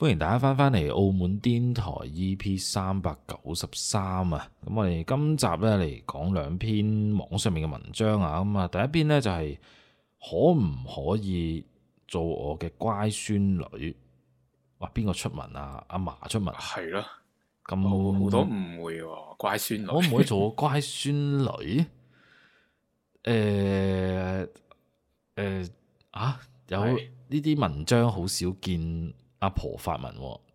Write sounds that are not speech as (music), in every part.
歡迎大家翻返嚟澳門電台 EP 三百九十三啊！咁我哋今集咧嚟講兩篇網上面嘅文章啊！咁、嗯、啊，第一篇咧就係、是、可唔可以做我嘅乖孫女？哇！邊個出文啊？阿嫲出文係、啊、咯，咁好多誤會喎、啊！乖孫女可唔可以做我乖孫女？誒誒，誒，誒啊！有呢啲的文章好少見。阿婆發文、哦， (laughs)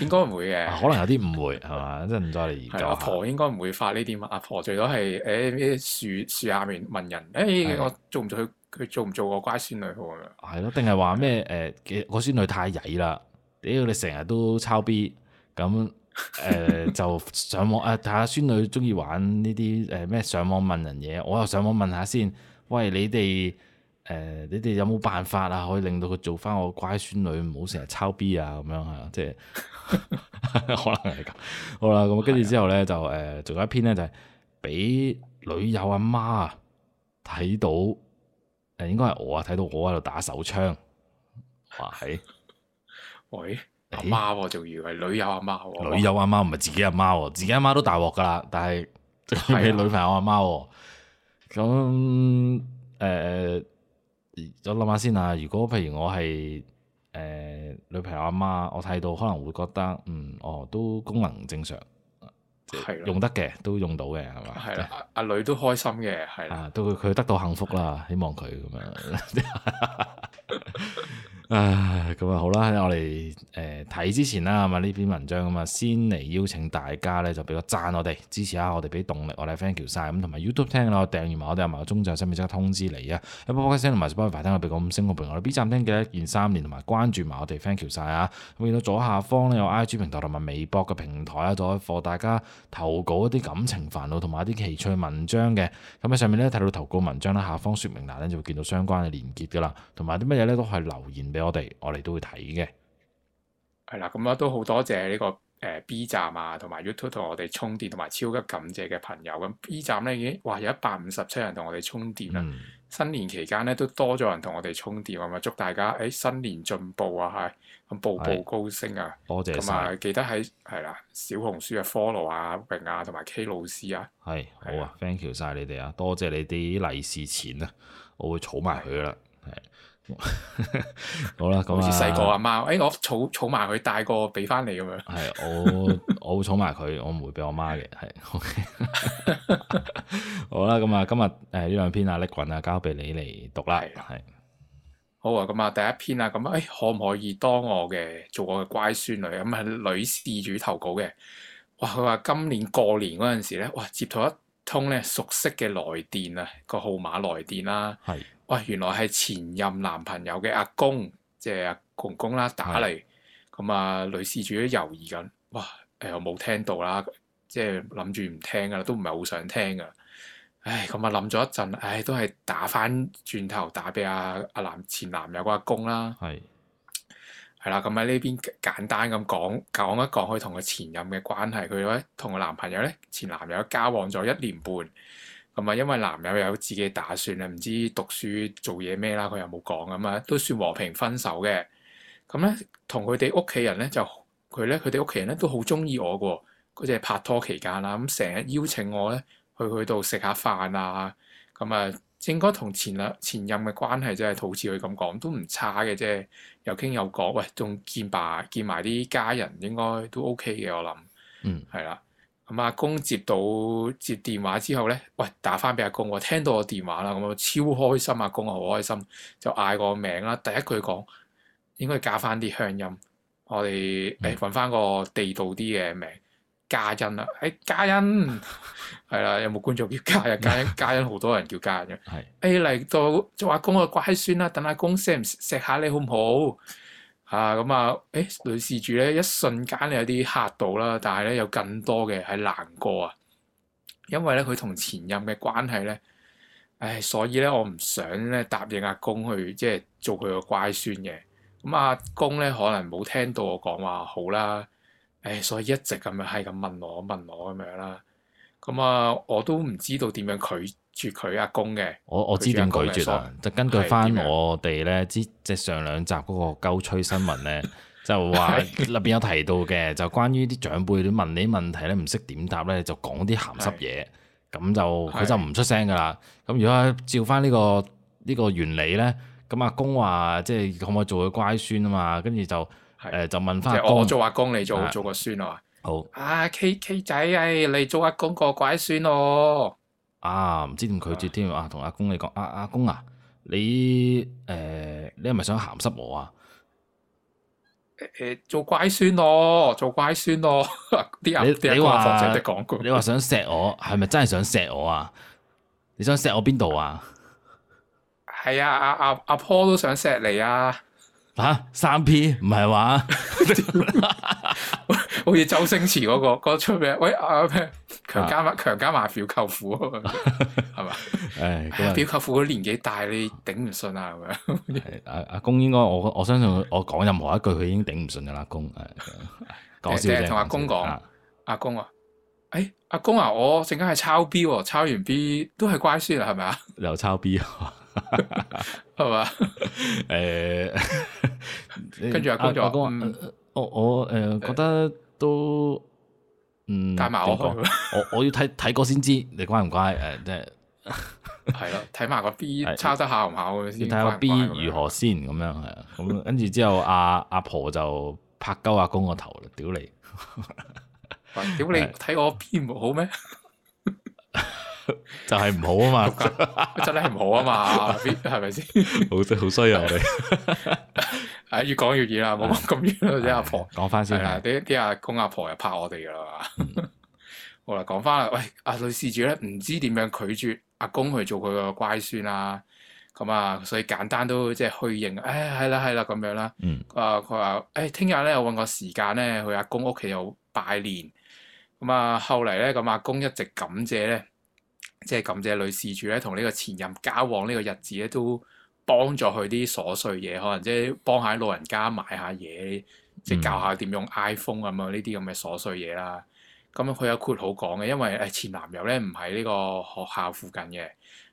應該唔會嘅、啊，可能有啲誤會係嘛？ (laughs) 真唔再嚟研究。阿婆應該唔會發呢啲嘛？阿婆最多係誒咩樹樹下面問人，誒、欸、我做唔做佢？佢做唔做個乖孫女好咁樣？係咯，定係話咩？誒的，我、呃那個、孫女太曳啦！屌你成日都抄 B，咁誒、呃、就上網啊睇下孫女中意玩呢啲誒咩上網問人嘢，我又上網問下先。喂，你哋。誒、呃，你哋有冇辦法啊？可以令到佢做翻我乖孫女，唔好成日抄 B 啊，咁樣係 (laughs) (laughs) 啊，即係可能係咁。好、呃、啦，咁跟住之後咧，就誒，仲有一篇咧，就係、是、俾女友阿媽啊睇到，誒，應該係我啊睇到我喺度打手槍。哇！係，喂，阿媽仲以為女友阿媽，女友阿媽唔係自己阿媽，自己阿媽都大鑊噶啦，但係佢、啊、女朋友阿媽，咁、嗯、誒。呃我諗下先啊，如果譬如我係誒、呃、女朋友阿媽，我睇到可能會覺得，嗯，哦，都功能正常，係的用得嘅，都用到嘅，係嘛的？係阿阿女都開心嘅，係啦、啊，都佢佢得到幸福啦，的希望佢咁樣。 (laughs) (laughs) 唉，咁啊好啦，我哋誒睇之前啦，咁啊呢篇文章咁啊，先嚟邀請大家咧，就俾個贊我哋，支持下我哋，俾動力我哋 thank you 晒。咁，同埋 YouTube 聽嘅啦，訂完埋我哋啊，埋個鐘就上面即刻通知你啊，一部波機聲同埋一部快聽，我俾個五星我陪我哋 B 站聽嘅一件三年，同埋關注埋我哋 thank you 晒啊！咁見到左下方咧有 IG 平台同埋微博嘅平台啊，就可以放大家投稿一啲感情煩惱同埋一啲奇趣文章嘅。咁、啊、喺上面咧睇到投稿文章啦，下方説明欄咧就會見到相關嘅連結噶啦，同埋啲乜嘢咧都可以留言。我哋我哋都會睇嘅，係啦，咁啊都好多謝呢、這個誒、呃、B 站啊，同埋 YouTube 同我哋充電，同埋超級感謝嘅朋友咁 B 站咧已經哇有一百五十七人同我哋充電啦，嗯、新年期間咧都多咗人同我哋充電啊！祝大家誒、欸、新年進步啊，係咁步步高升啊！多謝、啊，同埋記得喺係啦小紅書啊的 follow 啊榮啊，同埋 K 老師啊，係、啊、的的好啊，thank you 晒你哋啊，多謝你啲利是錢啊，我會儲埋佢啦，係。 (laughs) 好啦，咁、啊、好似細個阿媽，誒、哎，我儲儲埋佢帶個俾翻你咁樣。係，我我會儲埋佢， (laughs) 我唔會俾我媽嘅。係，okay. (laughs) 好啦，咁啊，今日誒呢兩篇啊，叻文啊，交俾你嚟讀啦。係，好啊，咁啊，第一篇啊，咁、嗯、誒、哎，可唔可以當我嘅做我嘅乖孫女？咁、嗯、係女事主投稿嘅，哇，佢話今年過年嗰陣時咧，哇，接到一通咧熟悉嘅來電啊，個號碼來電啦，係。哇、哦！原來係前任男朋友嘅阿公，即係阿公公啦，打嚟，咁啊是、呃、女事主都猶豫緊，哇，誒我冇聽到啦，即係諗住唔聽噶啦，都唔係好想聽噶。唉，咁啊諗咗一陣，唉都係打翻轉頭打俾阿阿男前男友嘅阿公啦。係是，係啦，咁喺呢邊簡單咁講講一講，佢同佢前任嘅關係，佢咧同個男朋友咧前男友交往咗一年半。咁啊，因為男友有自己打算啊，唔知讀書做嘢咩啦，佢又冇講咁啊，都算和平分手嘅。咁咧，同佢哋屋企人咧就佢咧，佢哋屋企人咧都好中意我嘅。嗰只拍拖期間啦，咁成日邀請我咧去佢度食下飯啊。咁啊，應該同前啊前任嘅關係真係、即係、好似佢咁講都唔差嘅啫。又傾又講，喂，仲見爸見埋啲家人，應該都 OK 嘅，我諗。嗯，係啦。咁、嗯、阿公接到接電話之後咧，喂打翻俾阿公我，哦、聽到我電話啦，咁、嗯、我超開心，阿公好開心，就嗌個名啦。第一句講應該加翻啲鄉音，我哋誒揾翻個地道啲嘅名嘉欣啦。誒嘉欣，係、哎、啦， (laughs) 有冇觀眾叫嘉欣？嘉欣，嘉欣好多人叫嘉欣嘅。係誒嚟到做阿公嘅乖孫啦，等阿公錫錫下你好唔好？啊咁啊！誒、哎，女事主咧，一瞬間有啲嚇到啦，但係咧有更多嘅係難過啊，因為咧佢同前任嘅關係咧，唉、哎，所以咧我唔想咧答應阿公去即係做佢個乖孫嘅。咁、嗯、阿公咧可能冇聽到我講話好啦，唉、哎，所以一直咁樣係咁問我問我咁樣啦。咁、嗯、啊，我都唔知道點樣拒住佢阿公嘅，我我知點拒絕啦，就根據翻我哋咧，之即係上兩集嗰、那個鳩吹新聞咧， (laughs) 就話入邊有提到嘅，就關於啲長輩問你啲問題咧，唔識點答咧，就講啲鹹濕嘢，咁是就佢是就唔出聲噶啦。咁如果照翻、這、呢個呢、這個原理咧，咁阿公話即係可唔可以做個乖孫啊嘛？跟住就誒是就問翻我,我做阿公，你做做個孫啊？好啊，K K, K 仔啊，你、哎、做阿公個乖孫哦。啊，唔知點拒絕添啊！同阿公你講，啊，阿公啊，你誒、呃，你係咪想鹹濕我啊？誒，做乖孫咯，做乖孫咯，啲、那個、人啲官方講句，你話想錫我，係咪真係想錫我啊？你想錫我邊度啊？係啊，阿阿阿婆都想錫你啊！吓三、啊、P 唔係話， (laughs) (laughs) 好似周星馳嗰、那個，嗰出名。喂阿咩？啊啊強加強姦埋表舅父，係嘛？誒、哎，表舅父佢年紀大，你頂唔順啊？咁樣，阿阿公應該我我相信我講任何一句，佢已經頂唔順噶啦，阿公誒，講笑同阿公講，啊就是、阿公阿公啊，誒、哎，阿公啊，我陣間係抄 B、啊、抄完 B 都係乖孫啦，係咪啊？又抄 B，係嘛？誒，跟住阿公就阿公，uh, 我我誒覺得都、uh, 哎。解埋、嗯、我我，我要睇睇過先知你乖唔乖誒，即係係咯，睇埋 (laughs) 個 B 抄的得下唔下？嘅先，睇個 B 乖乖如何先咁樣係，咁跟住之後阿、啊、阿、啊、婆就拍鳩阿公個頭啦，屌 (laughs) 你，屌的你睇我 B 唔好咩？ (laughs) 就係唔好啊嘛， (laughs) 嘛，真係唔好啊嘛，係咪先？好衰，好衰啊我哋，啊， (laughs) 越講越遠啦，冇咁遠啦啲阿婆。講翻先啦，啲啲阿公阿婆又拍我哋啦。好啦，講翻啦，喂，阿女事主咧，唔知點樣拒絕阿公去做佢個乖孫啦。咁啊，所以簡單都即係虛形，誒、哎，係啦係啦咁樣啦。嗯。啊，佢話，誒、欸，聽日咧，我搵個時間咧，去阿公屋企有拜年。咁啊，後嚟咧，咁、啊、阿公一直感謝咧。即係感謝女士住咧，同呢個前任交往呢個日子咧，都幫助佢啲瑣碎嘢，可能即係幫下老人家買下嘢，即係教下點用 iPhone 咁樣呢啲咁嘅瑣碎嘢啦。咁、嗯、佢有括 u 好講嘅，因為誒前男友咧唔喺呢個學校附近嘅，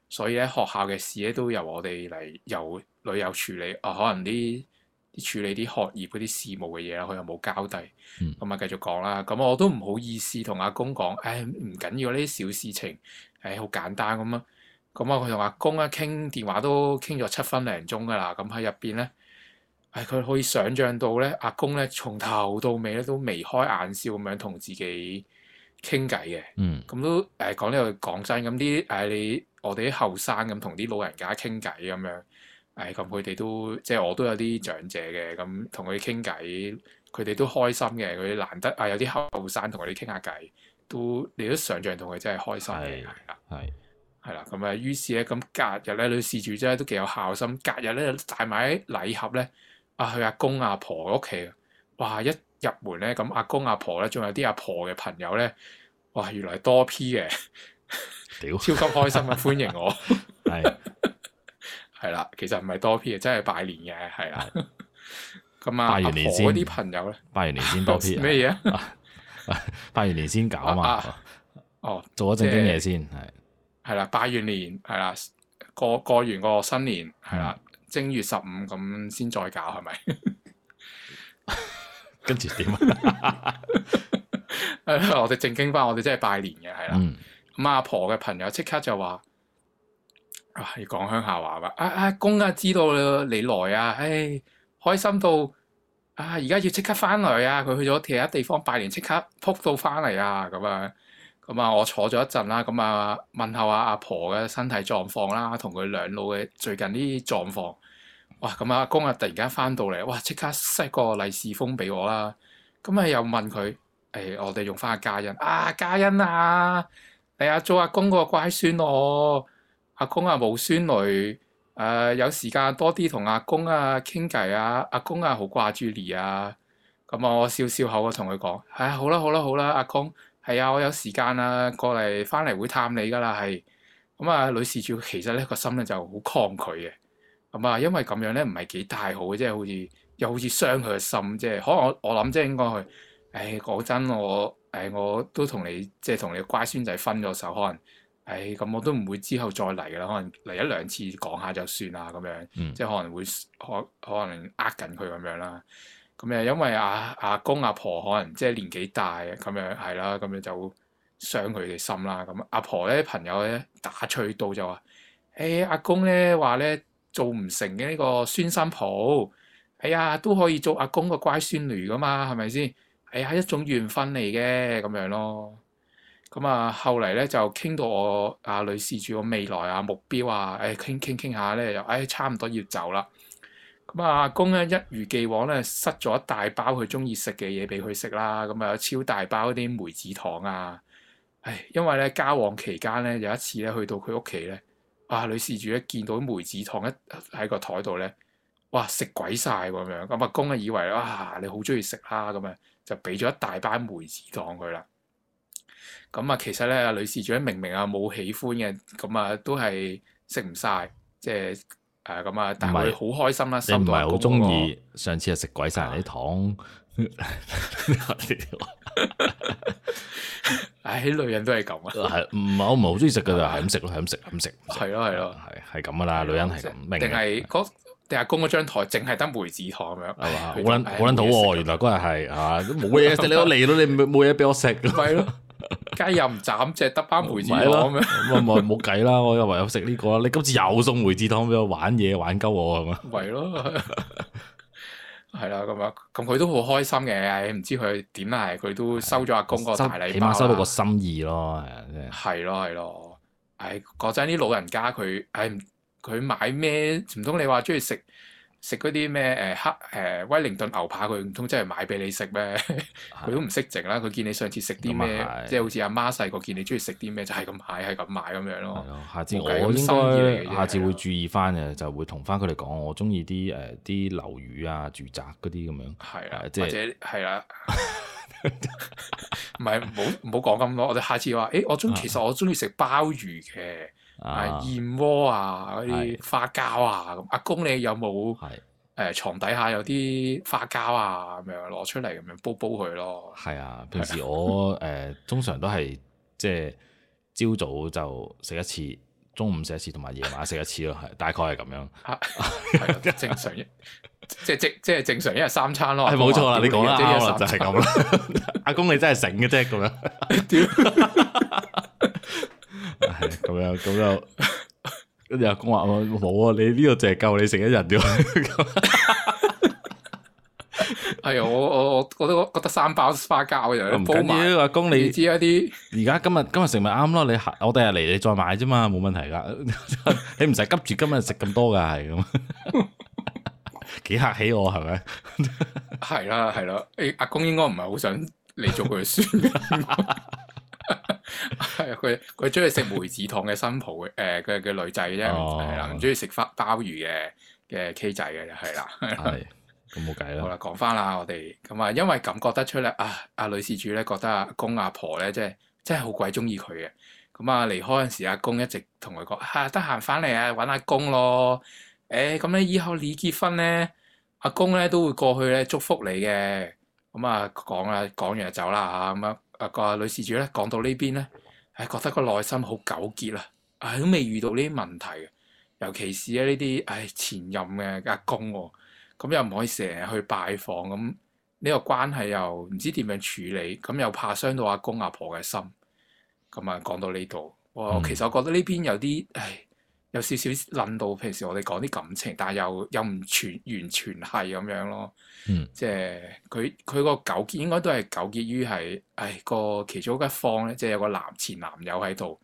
所以咧學校嘅事咧都由我哋嚟由女友處理。啊，可能啲處理啲學業嗰啲事務嘅嘢啦，佢又冇交低。咁啊、嗯、繼續講啦。咁、嗯、我都唔好意思同阿公講，誒唔緊要呢啲小事情。誒好、哎、簡單咁、嗯嗯、啊！咁啊，佢同阿公一傾電話都傾咗七分零鐘㗎啦。咁喺入邊咧，誒佢、哎、可以想像到咧，阿公咧從頭到尾咧都眉開眼笑咁樣同自己傾偈嘅。嗯，咁都誒講呢個講真，咁啲誒你我哋啲後生咁同啲老人家傾偈咁樣，誒咁佢哋都即係我都有啲長者嘅，咁同佢傾偈，佢哋都開心嘅。佢哋難得啊，有啲後生同佢哋傾下偈。都你都想象同佢真係開心嘅，係啦，係係啦，咁啊，於是咧，咁隔日咧，女事主真係，都幾有孝心。隔日咧，帶埋禮盒咧，啊去阿公阿婆屋企，哇！一入門咧，咁阿公阿婆咧，仲有啲阿婆嘅朋友咧，哇！原來多 P 嘅，屌超級開心啊， (laughs) 歡迎我，係是，係啦， (laughs) 其實唔係多 P 嘅，真係拜年嘅，係啦，咁啊的，阿婆啲朋友咧，拜完年先、， (laughs) 啊、先多 P 咩嘢啊？ (laughs) 拜完年先搞嘛？哦，做咗正經嘢先係。係啦，拜完年係啦，過過完個新年係啦，嗯、正月十五咁先再搞係咪？跟住點？我哋正經翻，我哋真係拜年嘅係啦。咁阿、嗯嗯嗯、婆嘅朋友即刻就講話：要講鄉下話啦。阿阿公家、啊、知道、哎哎哎嗯嗯、你來、哎 doors, 嗯嗯、啊，唉、哎嗯哎嗯嗯嗯嗯哎嗯，開心到～、嗯啊！而家要即刻翻嚟啊！佢去咗其他地方拜年，即刻撲到翻嚟啊！咁樣咁啊，啊，我坐咗一陣、啊啊啊、啦，咁啊問候阿阿婆嘅身體狀況啦，同佢兩老嘅最近啲狀況。哇！咁阿、啊、公啊，突然間翻到嚟，哇！即刻塞 e 個利是封俾我啦。咁啊又問佢，誒、哎、我哋用翻阿嘉欣。啊嘉欣啊，你啊做阿公個乖孫咯。阿公啊冇孫女。誒、uh, 有時間多啲同阿公啊傾偈啊，阿公啊好掛住你啊，咁、嗯、我笑笑口我同佢講，係、哎、好啦好啦好啦，阿公係啊，我有時間啊，過嚟返嚟會探你㗎啦係。咁啊、嗯呃，女事主其實咧個心咧就好抗拒嘅，咁、嗯、啊因為咁樣咧唔係幾大好嘅，即係好似又好似傷佢嘅心，即係可能我我諗即係應該去。誒、哎、講真我誒、哎、我都同你即係同你乖孫仔分咗手，可能。誒咁我都唔會之後再嚟噶啦，可能嚟一兩次講下就算啦咁樣，嗯、即係可能會可可能呃緊佢咁樣啦。咁啊，因為阿、啊、阿、啊、公阿、啊、婆，婆可能即係年紀大咁樣係啦，咁樣就會傷佢哋心啦。咁阿、啊、婆咧朋友咧打趣到就話：誒、欸、阿公咧話咧做唔成嘅呢個孫新抱，哎呀都可以做阿公個乖孫女噶嘛，係咪先？哎呀一種緣分嚟嘅咁樣咯。咁啊，後嚟咧就傾到我啊，女事主個未來啊目標啊，誒傾傾傾下咧，又、哎、誒差唔多要走啦。咁、嗯、啊，阿公咧一如既往咧，塞咗一大包佢中意食嘅嘢俾佢食啦。咁、嗯、啊，有超大包啲梅子糖啊，唉、哎，因為咧交往期間咧，有一次咧去到佢屋企咧，啊，女事主咧見到啲梅子糖一喺個台度咧，哇，食鬼晒喎咁樣。咁、嗯、阿公啊以為你啊你好中意食啦，咁樣就俾咗一大包梅子糖佢啦。咁啊，其實咧，啊，女事主明明啊冇喜歡嘅，咁啊都係食唔晒，即係誒咁啊，但係佢好開心啦，你唔係好中意。上次啊食鬼晒人啲糖。唉，女人都係咁啊。唔係我唔係好中意食噶，就係咁食咯，係咁食，咁食。係咯係咯，係係咁噶啦，女人係咁明。定係嗰地下公嗰張台淨係得梅子糖咁樣。係嘛，我諗我諗到喎，原來嗰日係吓，都冇嘢食。你嚟到你冇冇嘢俾我食，弊咯。梗係又唔斬，只得返梅子湯咁，唔係冇計啦， (laughs) 我又唯有食呢、呢個啦。你今次又送梅子湯俾我玩嘢，玩鳩我係嘛？係咯，係啦咁啊！咁佢 (laughs) 都好開心嘅，唔知佢點係，佢都收咗阿公個大禮，起碼收到個心意咯。係啊，真係咯，係咯，唉，講真啲老人家佢唉，佢、哎、買咩唔通你話中意食？食嗰啲咩誒黑誒、呃、威靈頓牛扒佢唔通真係買俾你食咩？佢 (laughs) 都唔識整啦！佢見你上次食啲咩，即係好似阿媽細個見你中意食啲咩，就係咁買，係咁買咁樣咯。下次我，我應該下次會注意翻嘅，的就會同翻佢哋講，我中意啲誒啲樓宇啊、住宅嗰啲咁樣。係啊的，即係係啦，唔係好唔好講咁多。我哋下次話誒，我中其實我中意食鮑魚嘅。it 啊，燕窩啊嗰啲花膠啊咁，阿公你有冇誒床底下有啲花膠啊咁是樣攞出嚟咁樣煲煲佢咯？係啊，平時我誒通常都係即係朝早就食一次，中午食一次，同埋夜晚食一次咯，係大概係咁樣 (laughs) 正常一即係正即係正常一日三餐咯。係冇錯啦，你講啦，即係就係咁啦。 (laughs) 阿公你真係醒嘅啫，咁樣。 (laughs) 係咁 (laughs) 樣，咁又跟住阿公話、嗯：， (laughs) (laughs) 我冇啊，你呢度淨係夠你食一日啫。係啊，我我我覺得覺得三包花膠又唔緊要。阿公，你知一啲？而家今日今日食咪啱咯？你我第日嚟你再買啫嘛，冇問題噶。你唔使急住今日食咁多噶，係咁。幾客起我係咪？係啦，係啦，你阿公應該唔係好想你做佢孫。 (laughs) 係佢，佢中意食梅子糖嘅新抱誒嘅嘅女仔啫，係、哦、啦，唔中意食花鮑魚嘅嘅 K 仔嘅就係啦，係咁冇計啦。嗯、好啦，講翻啦，我哋咁啊，因為感覺得出咧啊，阿女事主咧覺得阿公阿婆咧，即係真係好鬼中意佢嘅。咁啊，離、嗯、開嗰時阿公一直同佢講吓，得閒翻嚟啊，搵、啊、阿公咯。誒、欸、咁、嗯、咧以後你結婚咧，阿公咧都會過去咧祝福你嘅。咁、嗯、啊，講啦，講完就走啦吓，咁、嗯、樣。嗯啊個、呃呃、女事主咧講到邊呢邊咧，唉、哎、覺得個內心好糾結啊，唉、哎、都未遇到呢啲問題嘅，尤其是咧呢啲唉前任嘅阿公喎、啊，咁又唔可以成日去拜訪咁，呢個關係又唔知點樣處理，咁又怕傷到阿公阿婆嘅心，咁啊講到呢度，我其實我覺得呢邊有啲唉。有少少諗到平時我哋講啲感情，但係又又唔全完全係咁樣咯。嗯，即係佢佢個糾結應該都係糾結於係，唉個其中一方咧，即係有個男前男友喺度。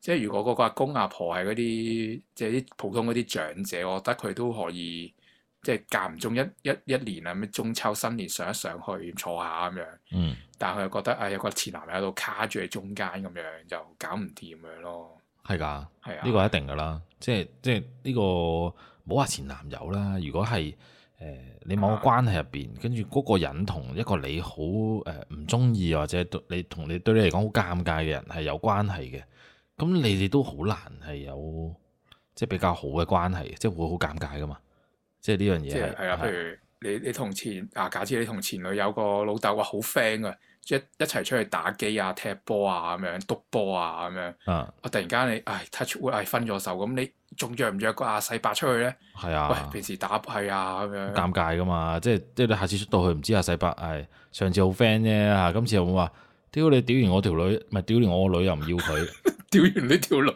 即係如果個阿公阿婆係嗰啲即係啲普通嗰啲長者，我覺得佢都可以即係間唔中一一一年啊咩中秋新年上一上去坐下咁樣。嗯，但佢又覺得啊有個前男友喺度卡住喺中間咁樣就搞唔掂咁樣咯。係噶，呢的個一定噶啦，的即係即係呢個唔好話前男友啦。如果係誒、呃、你某個關係入邊，跟住嗰個人同一個你好誒唔中意或者對你同你對你嚟講好尷尬嘅人係有關係嘅，咁你哋都好難係有即係比較好嘅關係，即係會好尷尬噶嘛。即係呢樣嘢係係譬如你你同前啊，假設你同前女友個老豆話好 friend 啊。一一齊出去打機啊、踢波啊、咁樣、督波啊、咁樣。啊！我突然間你，唉，touch wood 分咗手。咁你仲約唔約個阿細伯出去咧？係是啊。喂，平時打係啊，咁樣。尷尬噶嘛，即係即係你下次出到去唔知阿細、啊、伯係上次好 friend 啫。吓，今次又冇話？屌你屌完我條女，咪屌完我個女又唔要佢，屌 (laughs) 完你條女。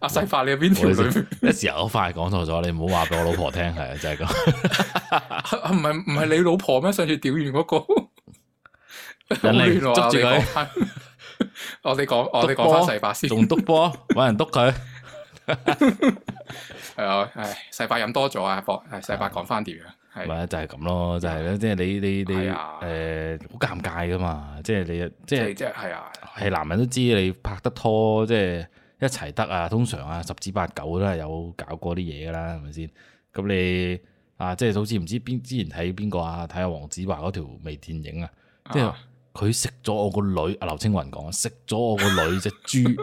阿、啊、細、 (laughs) 啊、伯你係邊條女？一時口快講錯咗，你唔好話俾我老婆聽，係啊， (laughs) (laughs) (laughs) 就係咁。唔係唔係你老婆咩？上次屌完嗰、那個。人嚟捉住佢，我哋講我哋講翻世伯先，仲督波搵人督佢，係啊，係世伯飲多咗啊，博係世伯講翻點樣，係咪就係咁咯？就係咧，即係你你你誒，好尷尬噶嘛，即係你即係即係係啊，係男人都知你拍得拖，即係一齊得啊，通常啊十之八九都係有搞過啲嘢噶啦，係咪先？咁你啊，即係好似唔知邊之前睇邊個啊，睇下黃子華嗰條微電影啊，即係。佢食咗我個女，阿劉青雲講，食咗我個女隻豬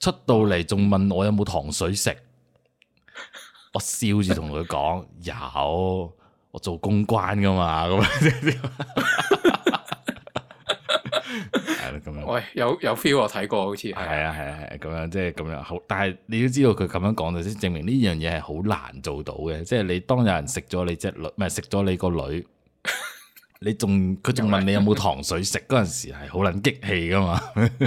出到嚟，仲問我有冇糖水食，我笑住同佢講有，我做公關噶嘛咁樣，係咯咁樣。喂，有有 feel，我睇過，好似係啊係啊係啊咁樣，即係咁樣好。但係你都知道佢咁樣講，就先證明呢樣嘢係好難做到嘅。即係你當有人食咗你隻女，唔係食咗你個女。你仲佢仲問你有冇糖水食嗰陣時係好撚激氣噶嘛？ (laughs)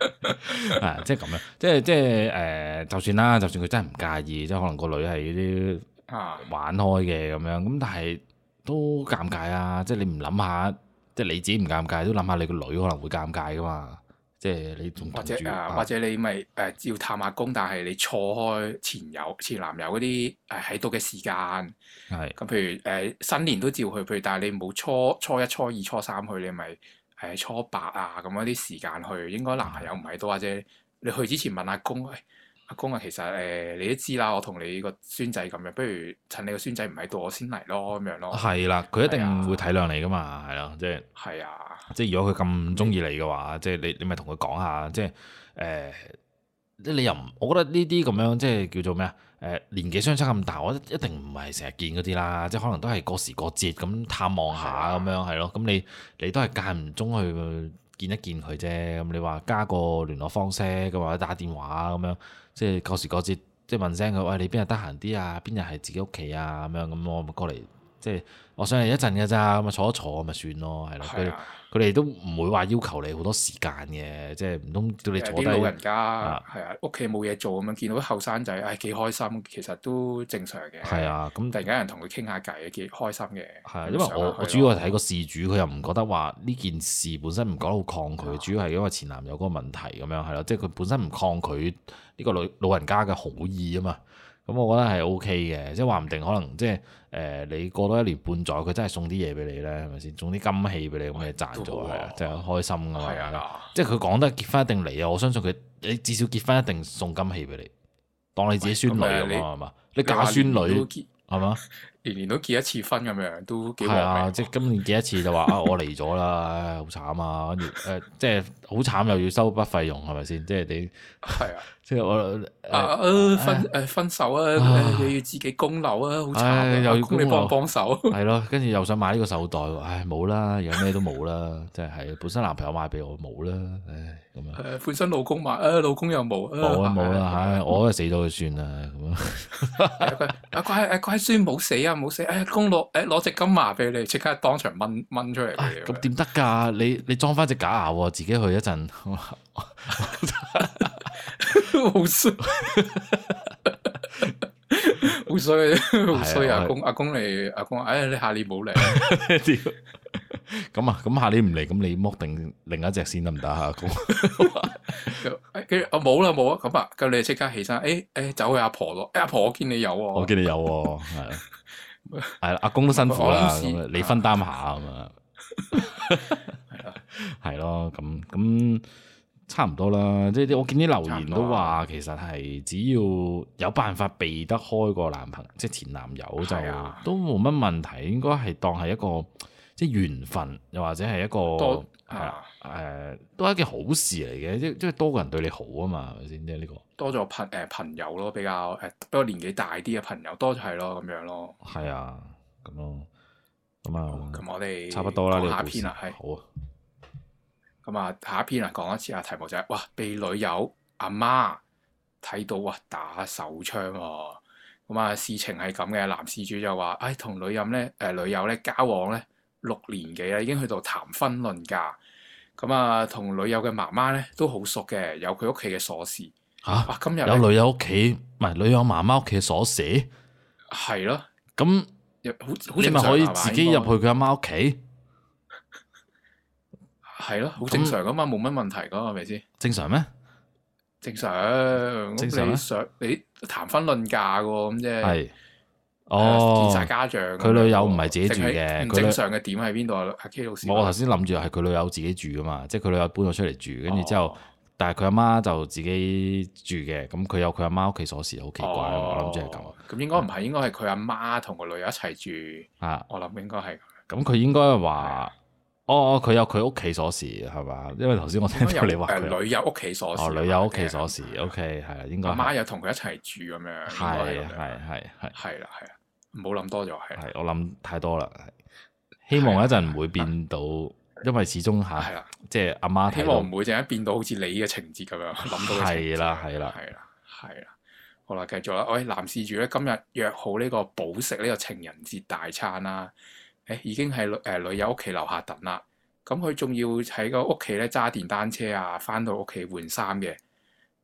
(laughs) (laughs) 啊，即係咁樣，即係即係誒、呃，就算啦，就算佢真係唔介意，即係可能個女係嗰啲玩開嘅咁樣，咁但係都尷尬啊！即係你唔諗下，即係你自己唔尷尬，都諗下你個女可能會尷尬噶嘛。即係你，或者啊，或者你咪誒、呃、照探阿公，但係你錯開前友前男友嗰啲誒喺度嘅時間。係是。咁譬如誒、呃、新年都照去，譬如但係你唔好初初一、初二、初三去，你咪係、呃、初八啊咁嗰啲時間去，應該男朋友唔喺度，啊、或者你去之前問阿公。哎阿公啊，其實誒、呃，你都知啦，我同你個孫仔咁樣，不如趁你個孫仔唔喺度，我先嚟咯，咁樣咯。係啦、啊，佢一定會體諒你噶嘛，係咯，即係。係啊。即係如果佢咁中意你嘅話，的即係你你咪同佢講下，即係誒，即、呃、係你又唔，我覺得呢啲咁樣即係叫做咩啊？誒、呃，年紀相差咁大，我一定唔係成日見嗰啲啦，即係可能都係過時過節咁探望下咁的樣係咯。咁你你都係間唔中去見一見佢啫。咁你話加個聯絡方式，咁或者打電話咁樣。即係過時過節，即係問聲佢，喂、哎，你邊日得閒啲啊？邊日係自己屋企啊？咁樣咁我咪過嚟，即係我上嚟一陣嘅咋，咁啊坐一坐咪算咯，係咯，佢哋都唔會話要求你好多時間嘅，即係唔通叫你坐低。老人家係啊，屋企冇嘢做咁樣，見到啲後生仔，唉、哎，幾開心，其實都正常嘅。係啊，咁突然間有人同佢傾下偈，幾開心嘅。係啊，因為我、啊、我主要係睇個事主，佢又唔覺得話呢件事本身唔覺得好抗拒，嗯、主要係因為前男友嗰個問題咁樣係咯，啊啊、即係佢本身唔抗拒呢個老老人家嘅好意啊嘛。咁我覺得係 OK 嘅，即係話唔定可能即係誒你過多一年半載，佢真係送啲嘢俾你咧，係咪先？送啲金器俾你，咁你賺咗係啊，真係開心噶嘛！即係佢講得結婚一定嚟啊！我相信佢，你至少結婚一定送金器俾你，當你自己孫女咁樣係嘛？你嫁孫女係嘛？年年都結一次婚咁樣都係啊！即係今年結一次就話啊，我嚟咗啦，好慘啊！跟住誒，即係好慘又要收筆費用係咪先？即係你係啊。即係我啊分，誒，分手啊，又要自己供樓啊，好慘啊，供你幫幫手，係咯，跟住又想買呢個手袋，唉冇啦，而家咩都冇啦，真係本身男朋友買俾我冇啦，唉咁樣。誒，本身老公買，誒，老公又冇。冇啦冇啦，我死咗佢算啦咁樣！阿乖阿乖孫，唔好死啊，唔好死！誒，公攞，誒，攞隻金牙俾你，即刻當場掹掹出嚟。咁點得噶？你你裝翻隻假牙，自己去一陣。好衰，好衰，好衰啊！阿、啊、公，阿是、啊、公嚟，阿公話：哎，你下年冇嚟，咁 (laughs) 啊，咁下年唔嚟，咁、嗯、你剝定另一隻先得唔得啊阿公？跟住我冇啦，冇啊！咁啊，咁你即刻起身，誒、哎、誒、哎，走去阿、啊啊、婆咯。阿、啊、婆，我見你有、啊，我見你有、啊，係啦、 (laughs) 啊，係啦，阿公都辛苦啦， (laughs) 你分擔下咁 (laughs) (laughs) 啊，係咯，係、啊、咯，咁咁。啊差唔多啦，即係啲我見啲留言都話，其實係只要有辦法避得開個男朋，即係前男友就、啊、都冇乜問題，應該係當係一個即係緣分，又或者係一個係誒、啊嗯，都係一件好事嚟嘅，即即係多個人對你好啊嘛，係咪先？即係呢個多咗朋誒朋友咯，比較誒，不過年紀大啲嘅朋友多就係咯，咁樣咯。係啊，咁咯，咁啊，咁我哋差唔多啦，呢個故事係是好啊。咁啊，下一篇啊，講一次啊，題目就係、是、哇，被女友阿媽睇到哇，打手槍、啊。咁啊，事情係咁嘅，男事主就話，唉、哎，同女友咧，誒、呃，女友咧交往咧六年幾啦，已經去到談婚論嫁。咁啊，同女友嘅媽媽咧都好熟嘅，有佢屋企嘅鎖匙吓。啊、今日有女友屋企，唔係女友媽媽屋企嘅鎖匙，係咯。咁，你咪可以自己入去佢阿媽屋企。係咯，好正常噶嘛，冇乜問題噶，係咪先？正常咩？正常。正常。想你談婚論嫁噶喎，咁即係。哦。見晒家長。佢女友唔係自己住嘅。唔正常嘅點喺邊度啊？阿 K 老師。我頭先諗住係佢女友自己住噶嘛，即係佢女友搬咗出嚟住，跟住之後，但係佢阿媽就自己住嘅，咁佢有佢阿媽屋企鎖匙，好奇怪，我諗住係咁。咁應該唔係，應該係佢阿媽同個女友一齊住。啊，我諗應該係。咁佢應該話。哦，佢有佢屋企鎖匙係嘛？因為頭先我聽到你話佢女友屋企鎖匙。哦，女友屋企鎖匙，OK 係啊，應該阿媽又同佢一齊住咁樣，係係係係啦係啊，唔好諗多咗係，係我諗太多啦，希望有一陣唔會變到，因為始終嚇係啦，即係阿媽。希望唔會淨係變到好似你嘅情節咁樣諗到嘅情節係啦係啦係啦係啦。好啦繼續啦，喂，男事主咧今日約好呢個保食呢個情人節大餐啦。已經喺誒女友屋企樓下等啦，咁佢仲要喺個屋企咧揸電單車啊，翻到屋企換衫嘅。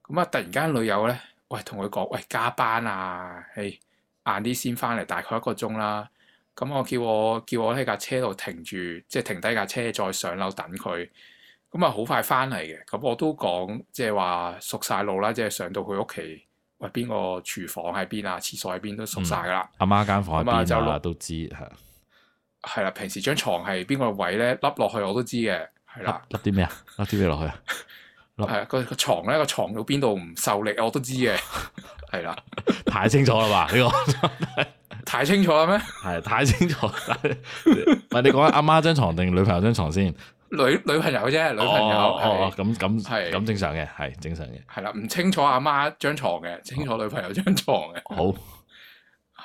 咁啊，突然間女友咧，喂，同佢講，喂，加班啊，誒晏啲先翻嚟，大概一個鐘啦。咁我叫我叫我喺架車度停住，即係停低架車，再上樓等佢。咁啊，好快翻嚟嘅。咁我都講，即係話熟晒路啦，即係上到佢屋企，喂，邊個廚房喺邊啊？廁所喺邊都熟晒噶啦。阿、嗯、媽、媽，間房喺邊啊？嗯、走喇，都知嚇。係啦，平時張床係邊個位咧凹落去，我都知嘅。係啦，凹啲咩啊？凹啲咩落去啊？係啊，個個床咧個床到邊度唔受力，我都知嘅。係啦，太清楚啦吧？呢個太清楚啦咩？係太清楚啦。唔係你講阿媽張床定女朋友張床先？女女朋友啫，女朋友。哦，咁咁係咁正常嘅，係正常嘅。係啦，唔清楚阿媽張床嘅，清楚女朋友張床嘅。好，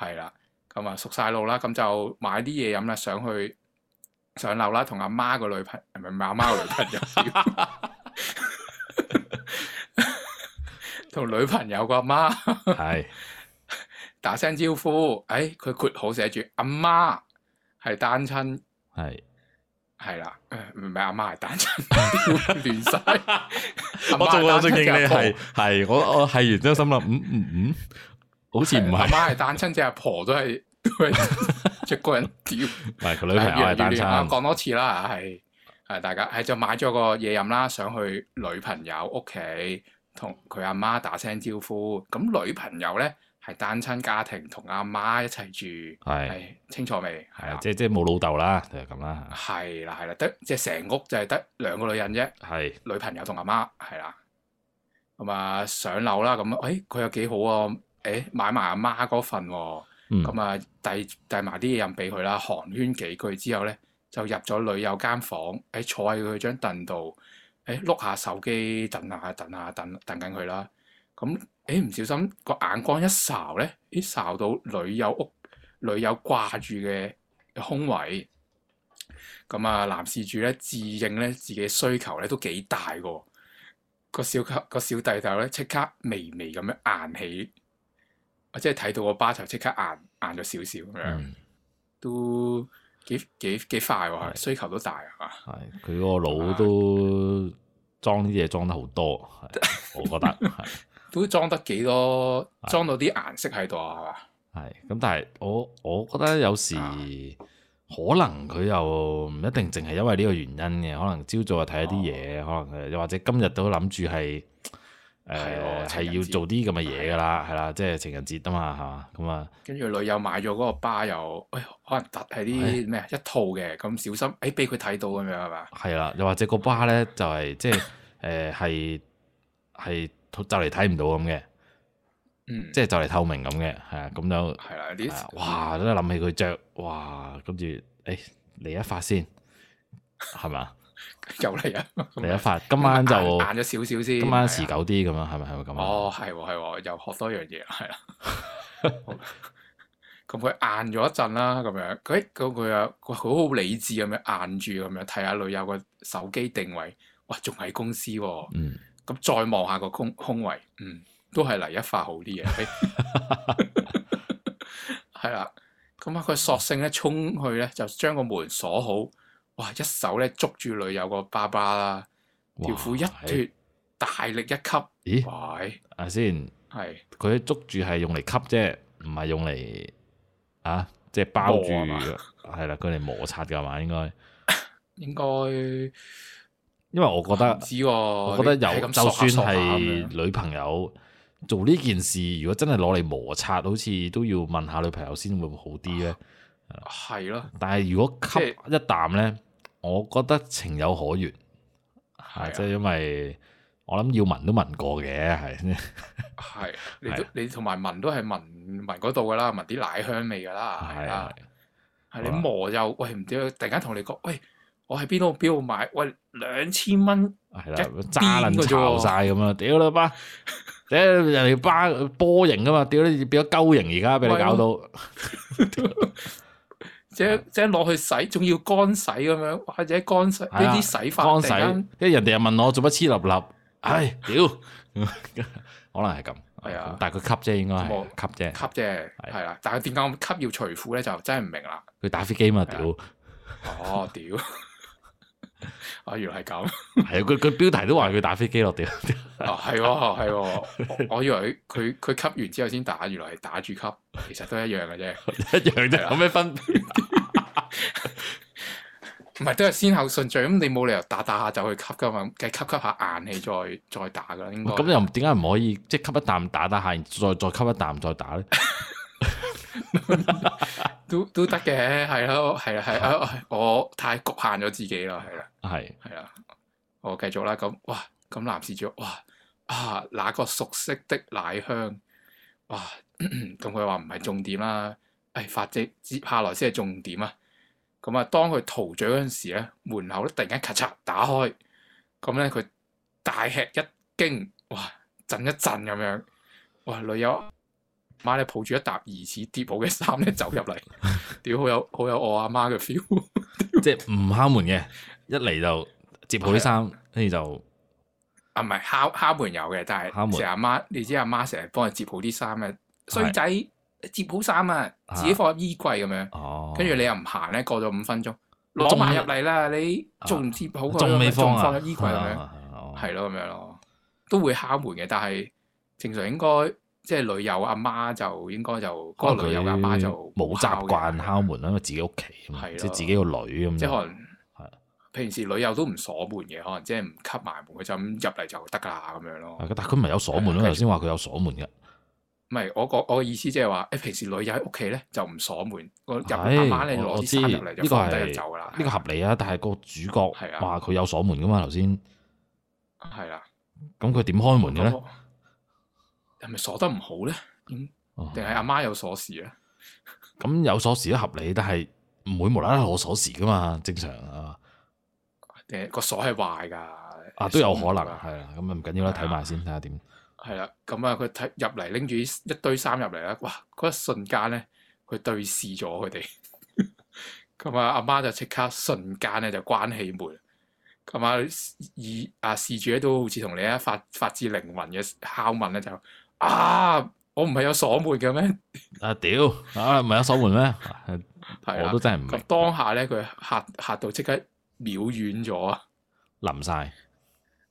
係啦。咁啊，熟晒路啦，咁就買啲嘢飲啦，上去上樓啦，同阿媽個女朋友，唔係阿媽個女朋友，同 (laughs) (laughs) 女朋友個阿媽，係 (laughs) 是打聲招呼。誒、哎，佢括號寫住阿媽係單親，係係是啦，唔係阿媽係單親，亂晒是。 (laughs) (laughs) 」 (laughs) 我仲有印象係係我我係完之後心諗，嗯嗯嗯。好似唔係，阿媽係單親，即阿婆都係都係一個人屌。唔係佢女朋友係單親。講多次啦，係係大家係就買咗個夜飲啦，上去女朋友屋企同佢阿媽打聲招呼。咁女朋友咧係單親家庭，同阿媽一齊住。係、哎、清楚未？係即即冇老豆啦，就係咁啦。係啦係啦，得即係成屋就係得兩個女人啫。係女朋友同阿媽係啦。咁啊上樓啦，咁誒佢又幾好啊！誒、哎、買埋阿媽嗰份喎，哦、咁、嗯、啊遞遞埋啲嘢飲俾佢啦，寒暄幾句之後咧，就入咗女友間房，誒、哎、坐喺佢張凳度，誒、哎、碌下手機，等下等下等等緊佢啦。咁誒唔小心個眼光一睄咧，咦睄到女友屋女友掛住嘅空位，咁、嗯、啊、嗯、男事主咧自認咧自己需求咧都幾大個，哦，個小個小弟弟咧即刻微微咁樣硬起。即係睇到個巴頭即刻硬硬咗少少咁樣，嗯、都幾幾幾快喎、啊！是需求都大啊嘛，佢個腦都裝呢啲嘢裝得好多 (laughs) ，我覺得係都裝得幾多，是裝到啲顏色喺度啊嘛。係咁，但係我我覺得有時、啊、可能佢又唔一定淨係因為呢個原因嘅，可能朝早啊睇一啲嘢，哦、可能又或者今日都諗住係。係喎，係要做啲咁嘅嘢噶啦，係啦，即係情人節啊嘛，係嘛，咁啊。跟住女友買咗嗰個 bra 又，哎，可能突係啲咩啊？一套嘅咁小心，哎，俾佢睇到咁樣係嘛？係啦，又或者個 bra 咧就係即係，誒，係係就嚟睇唔到咁嘅，嗯，即係就嚟透明咁嘅，係啊，咁就係啦，啲哇都諗起佢着，哇，跟住，哎嚟一發先係嘛？又嚟啊一！嚟一發，今晚就晏咗少少先，今晚持久啲咁樣，係咪係咁哦？係喎、嗯，係喎、啊啊，又學多樣嘢，係啦。咁佢晏咗一陣啦，咁樣，佢，咁佢啊，佢好好理智咁樣晏住，咁樣睇下女友個手機定位，哇，仲喺公司，啊，嗯，咁再望下個空空位，嗯，都係嚟一發好啲嘅，係啦。 (laughs) (laughs) (laughs) (laughs) 咁啊，佢索性咧衝去咧，就將個門鎖好。哇！一手咧捉住女友個爸爸啦，條褲一脫，大力一吸，咦？啊先係佢捉住係用嚟吸啫，唔係用嚟啊！即係包住係啦，佢嚟摩擦噶嘛，應該應該，因為我覺得，我覺得有就算係女朋友做呢件事，如果真係攞嚟摩擦，好似都要問下女朋友先會唔會好啲咧。係咯， (music) 但係如果吸一啖咧，是我覺得情有可原，係、啊、即係因為我諗要聞都聞過嘅，係係你你同埋聞都係聞聞嗰度噶啦，聞啲奶香味噶啦，係啦、啊，係、啊、你磨又，喂唔知，突然間同你講喂，我喺邊度邊度買，喂兩千蚊係啦，渣輪嘅晒咁樣，屌你巴，屌 (laughs) 人哋巴波形噶嘛，屌你變咗鳩形而家俾你搞到。是啊 (laughs) (laughs) 即即攞去洗，仲要乾洗咁樣，或者乾洗呢啲、啊、洗法，乾洗人哋人哋又問我做乜黐立立，唉屌， (laughs) 可能係咁、啊，但係佢吸啫，應該係吸啫，吸啫係啦，但係點解我吸要除褲咧？就真係唔明啦。佢打飛機嘛，屌，哦屌。 (laughs) 啊，原來係咁，係、 (laughs) 哦、啊，佢佢標題都話佢打飛機落屌，啊係，係，我以為佢佢佢吸完之後先打，原來係打住吸，其實都一樣嘅啫， (laughs) 一樣啫，有咩分別？唔 (laughs) 係都係先後順序，咁你冇理由打打下就去吸噶嘛，梗係吸吸下硬氣再再打噶啦，應該咁、啊、又點解唔可以即係、就是、吸一啖打打下，再再吸一啖再打咧？ (laughs) (laughs) 都都得嘅，係咯，係啊，係啊， (laughs) 我太局限咗自己啦，係啦，係， (laughs) 係啦，我繼續啦，咁，哇，咁男士主，哇，啊，那個熟悉的奶香，哇，咁佢話唔係重點啦，誒， (coughs) 反正接下來先係重點啊，咁、哎、啊，嗯、當佢逃嘴嗰陣時咧，門口咧突然間咔嚓打開，咁咧佢大吃一驚，哇，震一震咁樣，哇，女友，媽咧抱住一沓疑似疊好嘅衫咧走入嚟，屌、 (laughs) 呃、好有好有我阿媽嘅 feel，即係唔敲門嘅，一嚟就摺好啲衫，跟住 Okay, 就啊唔係敲敲門有嘅，但係成日阿媽你知阿媽成日幫你摺好啲衫嘅衰仔，摺好衫啊，自己放入衣櫃咁樣，跟住 (laughs) 你又唔行咧，過咗五分鐘攞埋入嚟啦，你仲唔摺好，仲未放入衣櫃咁樣，係咯，咁樣咯，都會敲門嘅，但係正常應該。即係女友阿媽就應該就個女友阿媽就冇習慣敲門啦，因為自己屋企，即係自己個女咁。即係可能係平時女友都唔鎖門嘅，可能即係唔吸埋門佢就咁入嚟就得噶啦咁樣咯。但佢唔係有鎖門咯，頭先話佢有鎖門嘅。唔係我我我嘅意思即係話，誒平時女友喺屋企咧就唔鎖門個入阿媽咧攞啲衫入嚟就放低就走啦。呢個合理啊，但係個主角話佢有鎖門噶嘛，頭先係啦。咁佢點開門嘅咧？係咪鎖得唔好咧？定係阿媽有鎖匙咧？咁、嗯、有鎖匙都合理，但係唔會無啦啦攞鎖匙噶嘛，正常啊。誒，個鎖係壞㗎啊，都有可能係啦。咁啊唔緊要啦，睇埋先，睇下點係啦。咁啊，佢睇入嚟拎住一堆衫入嚟咧，哇！嗰一瞬間咧，佢對視咗佢哋，咁啊阿媽就即刻瞬間咧就關起門，咁啊以啊事主都好似同你一發發自靈魂嘅敲問咧就 dev。啊！我唔係有鎖門嘅咩？ (laughs) (laughs) 啊屌！啊唔係有鎖門咩？我都真係唔。當下咧，佢嚇嚇到即刻秒軟咗，淋曬，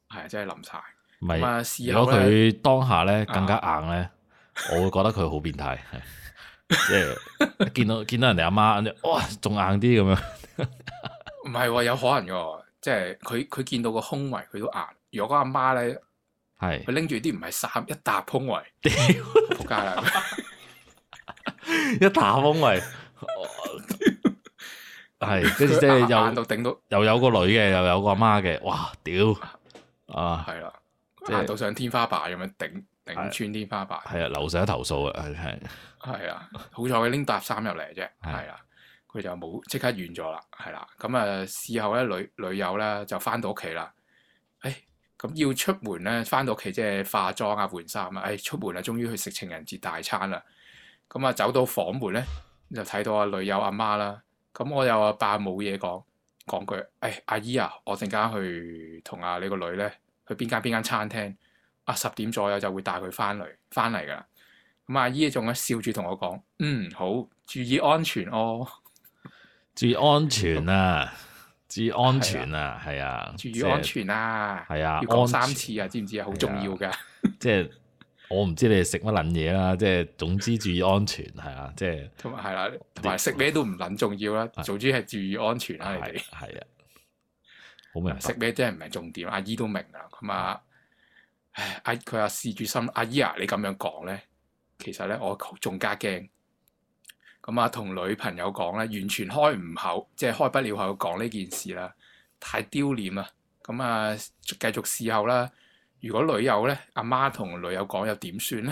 係真係淋曬。是如果佢當下咧更加硬咧，啊、 (laughs) 我會覺得佢好變態。即 (laughs) 係 (laughs) (laughs) 見到見到人哋阿媽，媽，哇仲硬啲咁樣。唔 (laughs) 係、啊、有可能嘅，即係佢佢見到個胸圍佢都硬。如果阿媽咧，係佢拎住啲唔係衫，一疊胸圍，撲街啦！一疊胸圍，係跟住即係又頂到又有個女嘅，又有個阿媽嘅，哇屌啊！係啦，爬到上天花板咁樣頂頂穿天花板，係啊，樓上一投訴啊，係係啊，好彩佢拎疊衫入嚟啫，係啦，佢就冇即刻完咗啦，係啦，咁啊事後咧女女友咧就翻到屋企啦，誒。咁要出門咧，翻到屋企即係化妝啊，換衫啊。誒、哎、出門啊，終於去食情人節大餐啦。咁、嗯、啊，走到房門咧，就睇到阿女友阿媽啦。咁、嗯、我有阿爸冇嘢講，講句誒、哎、阿姨啊，我陣間去同阿你個女咧去邊間邊間餐廳啊，十點左右就會帶佢翻嚟翻嚟㗎啦。咁、嗯、阿姨仲一笑住同我講：嗯，好，注意安全哦，注 (laughs) 意安全啊！注意安全啊，係啊！注意安全啊，係啊！要講三次啊，知唔知啊？好重要噶。即係我唔知你哋食乜捻嘢啦，即係總之注意安全係啊！即係同埋係啦，同埋食咩都唔捻重要啦，總之係注意安全啦，你哋係啊。好明食咩真係唔明重點，阿姨都明啦。咁啊，唉，阿佢阿試住心，阿姨啊，你咁樣講咧，其實咧我仲加驚。咁啊，同、嗯、女朋友講咧，完全開唔口，即係開不了口講呢件事啦，太丟臉啦。咁、嗯、啊，繼續事後啦。如果女友咧，阿媽同女友講又點算咧？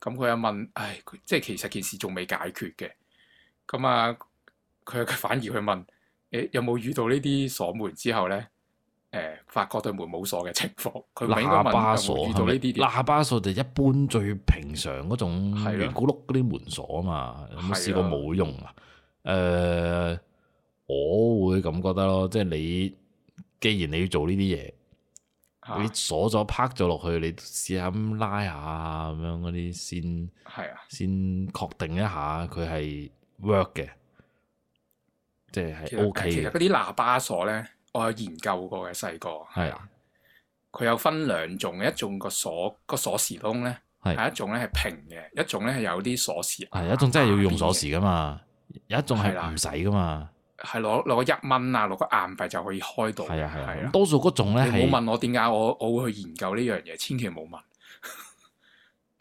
咁、嗯、佢又問，唉，即係其實件事仲未解決嘅。咁、嗯、啊，佢又反而去問，誒、欸、有冇遇到呢啲鎖門之後咧？誒、呃，發覺對門冇鎖嘅情況，佢問到呢啲，喇叭鎖就一般最平常嗰種圓軲碌嗰啲門鎖啊嘛，咁試過冇用啊。誒、啊呃，我會咁覺得咯，即係你既然你要做呢啲嘢，你鎖咗、拍咗落去，你試下咁拉下咁樣嗰啲先，係啊，先確定一下佢係 work 嘅，即係 OK 嘅。其實嗰啲、OK、喇叭鎖咧。我有研究過嘅細個，係啊，佢有分兩種，一種個鎖個鎖匙窿咧，係一種咧係平嘅，一種咧係有啲鎖匙，係一種真係要用鎖匙噶嘛，有一種係唔使噶嘛，係攞攞個一蚊啊，攞個硬幣就可以開到，係啊係啊，多數嗰種咧，你唔好問我點解我我會去研究呢樣嘢，千祈唔好問。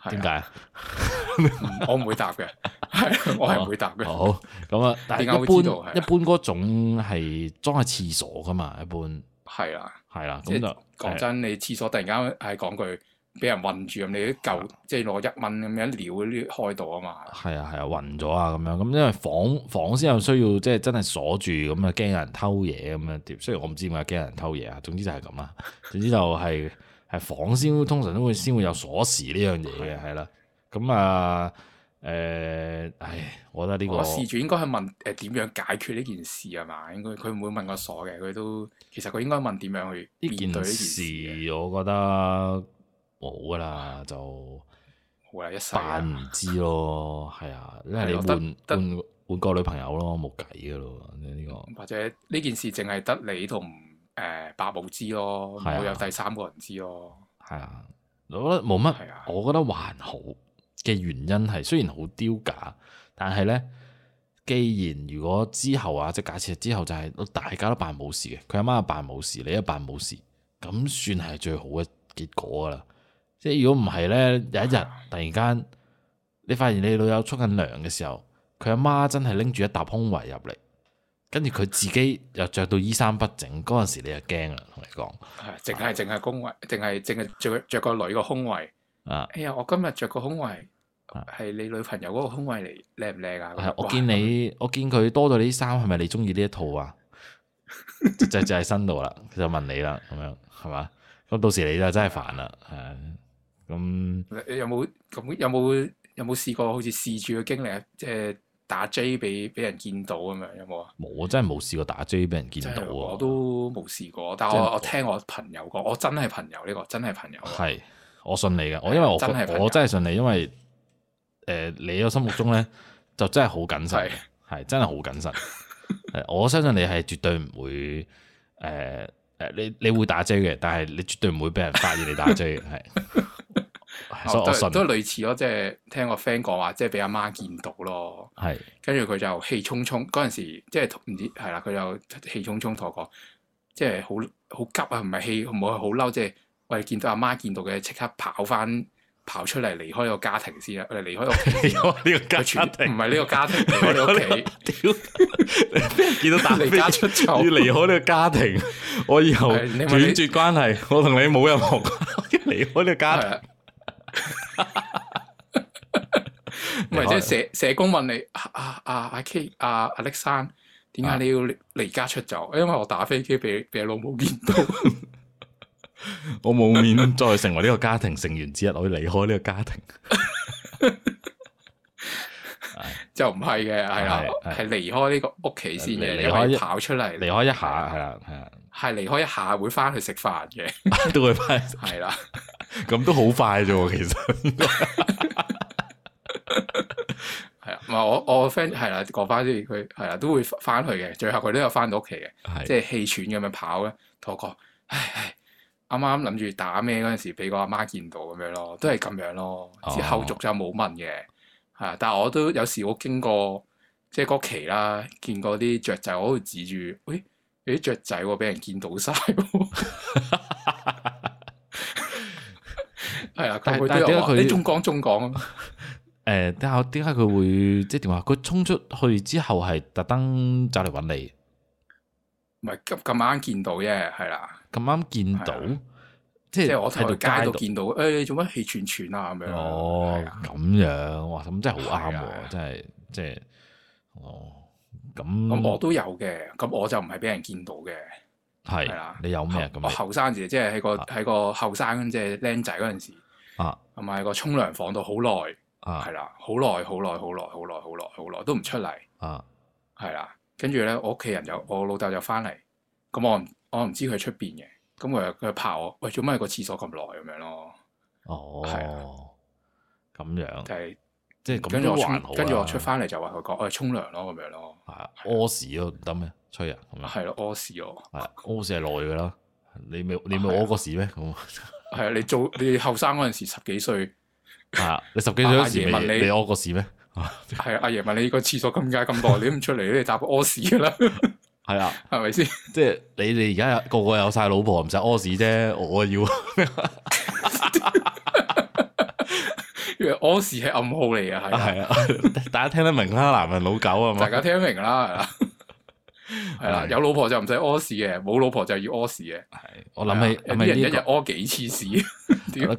點解？我唔會答嘅，係我係唔會答嘅。好咁啊，但係一般一般嗰種係裝喺廁所噶嘛，一般係啦，係啦，咁就講真，你廁所突然間係講句俾人困住咁，你啲舊即係攞一蚊咁樣撩嗰啲開到啊嘛，係啊係啊，暈咗啊咁樣，咁因為房房先有需要即係真係鎖住咁啊，驚人偷嘢咁樣點？雖然我唔知點解驚人偷嘢啊，總之就係咁啊，總之就係。係房先通常都會先會有鎖匙呢樣嘢嘅，係啦的。咁啊，誒、呃，唉，我覺得呢、這個我事主應該去問誒點、呃、樣解決呢件事係嘛？應該佢唔會問我鎖嘅，佢都其實佢應該問點樣去面對呢件事，件事的。我覺得冇噶啦，就好啦，一扮唔知咯，係啊， (laughs) 因為你換得換換個女朋友咯，冇計噶咯，呢、這個或者呢件事淨係得你同。誒，百無知咯，唔會有第三個人知咯。係啊，我覺得冇乜，啊、我覺得還好嘅原因係，雖然好丟架，但係咧，既然如果之後啊，即係假設之後就係大家都扮冇事嘅，佢阿媽又扮冇事，你一扮冇事，咁算係最好嘅結果啦。即係如果唔係咧，有一日突然間你發現你女友沖緊涼嘅時候，佢阿媽真係拎住一沓胸圍入嚟。跟住佢自己又着到衣衫不整，嗰陣時你就驚啦，同你講。係，淨係淨係胸圍，淨係淨係著著個女個胸圍。啊，哎呀，我今日着個胸圍係、啊、你女朋友嗰個胸圍嚟、啊，靚唔靚啊？我見你，哇我見佢多咗啲哇衫，係咪你中意呢一套啊？ (laughs) 就就喺身度啦，佢就問你啦，咁樣係嘛？咁到時你就真係煩啦，係。咁你有冇咁有冇有冇試過好似試住嘅經歷啊？即係。打 J 俾俾人見到咁樣有冇啊？冇，我真係冇試過打 J 俾人見到啊！我都冇試過，但係我我聽我朋友講，我真係朋友呢、呢個真係朋友。係，我信你嘅，我因為我真我真係信你，因為誒、呃、你個心目中咧就真係好謹慎，係是真係好謹慎。 (laughs) 我相信你係絕對唔會誒誒、呃，你你會打 J 嘅，但係你絕對唔會俾人發現你打 J 嘅，係。都、哦、都類似咯，即、就、係、是、聽個 friend 講話，即係俾阿媽見到咯。係的，跟住佢就氣沖沖。嗰陣時即係唔知係啦，佢就氣沖沖同我講，即係好好急啊！唔係氣，唔係好嬲，即係我係見到阿媽見到嘅，即刻跑翻跑出嚟離開個家庭先啦，我哋離開我呢個家庭，唔係呢個家庭，我哋屋企。見到打你家出走，要 (laughs) 離開呢個家庭。我以後斷絕，絕關係，我同你冇任何關係。離 (laughs) 開呢個家庭。唔係， (laughs) 是開即係社社工問你阿阿阿阿 K 阿阿力山，點解你要離家、啊、出走？因為我打飛機俾俾老母見到， (laughs) (laughs) 我冇面再成為呢個家庭成員之一， (laughs) 我要離開呢個家庭。 (laughs) (laughs) 就唔係嘅，係啦，係離開呢個屋企先嘅，又可以跑出嚟，離開一下係啊係啊，係離開一下會翻去食飯嘅，都會翻，係啦。 (laughs) 咁都好快啫喎，其實係啊， (laughs) (laughs) (laughs) 唔係我我個 friend 係啦，講翻啲佢係啦，都會翻去嘅，最後佢都有翻到屋企嘅，即係的氣喘咁樣跑咧，同我講，唉，啱啱諗住打咩嗰陣時俾個阿媽見到咁樣咯，都係咁樣咯，oh、之後續就冇問嘅，係，但係我都有時我經過即係嗰期啦，見嗰啲雀仔，我都會指住，喂、欸，啲雀仔俾、啊、人見到晒。 (laughs) 係啊，但但點解佢？你仲講仲講？誒，點解點解佢會即係點話？佢衝出去之後係特登走嚟揾你，唔係咁咁啱見到啫，係啦，咁啱見到，即係即係我睇到街度見到，誒，做乜氣喘喘啊咁樣？哦，咁樣哇，咁真係好啱，真係即係，哦咁。咁我都有嘅，咁我就唔係俾人見到嘅，係啦，你有咩咁？我後生時即係喺個喺個後生即係僆仔嗰陣時。啊，同埋個沖涼房度好耐，係啦，好耐，好耐，好耐，好耐，好耐，好耐都唔出嚟。啊，係啦，跟住咧，我屋企人又我老豆就翻嚟，咁我我唔知佢喺出邊嘅，咁佢佢拍我，喂，做乜喺個廁所咁耐咁樣咯？哦，係，咁樣，即係即係咁都還好。跟住我出翻嚟就話佢講，我沖涼咯咁樣咯，屙屎咯唔得咩？吹人咁樣，係咯，屙屎咯，屙屎係耐噶啦。你咪你咪屙個屎咩？係啊，你做你後生嗰陣時十幾歲， (laughs) 啊，你十幾歲嗰時你你屙個屎咩？係啊，阿爺問你個廁所咁解咁耐，你唔出嚟，你搭個屙屎啦。係啊，係咪先？即係你哋而家個個有晒老婆，唔使屙屎啫。我要，因為屙屎係暗號嚟嘅，係啊，啊，大家聽得明啦、啊，男人老狗啊嘛， (laughs) 大家聽得明啦、啊。 (laughs) 係啦，的有老婆就唔使屙屎嘅，冇老婆就要屙屎嘅。係的，我諗起，咁的、這個、人一日屙幾次屎？點？ (laughs) 你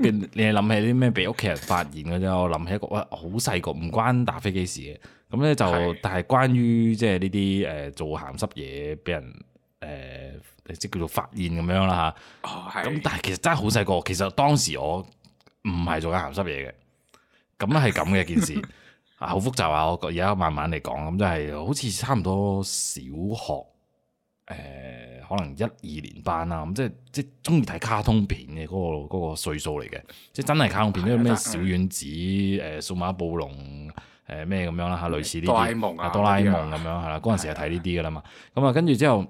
諗起啲咩俾屋企人發現嘅啫？我諗起一個，喂，好細個，唔關打飛機事嘅。咁咧就，的但係關於即係呢啲誒做咸濕嘢俾人誒、呃、即叫做發現咁樣啦吓。咁、哦、但係其實真係好細個，其實當時我唔係做緊咸濕嘢嘅，咁係咁嘅一件事。 (laughs) 啊，好複雜啊！我而家慢慢嚟講，咁即係好似差唔多小學，誒、呃、可能一二年班啦，咁、嗯、即係即係中意睇卡通片嘅嗰、那個嗰、那個歲數嚟嘅，即係真係卡通片，啲咩小丸子、誒、呃、數碼暴龍、誒咩咁樣啦，嚇類似啲哆啦 A 夢啊，哆啦 A 夢咁樣係啦，嗰陣時係睇呢啲噶啦嘛，咁啊跟住之後，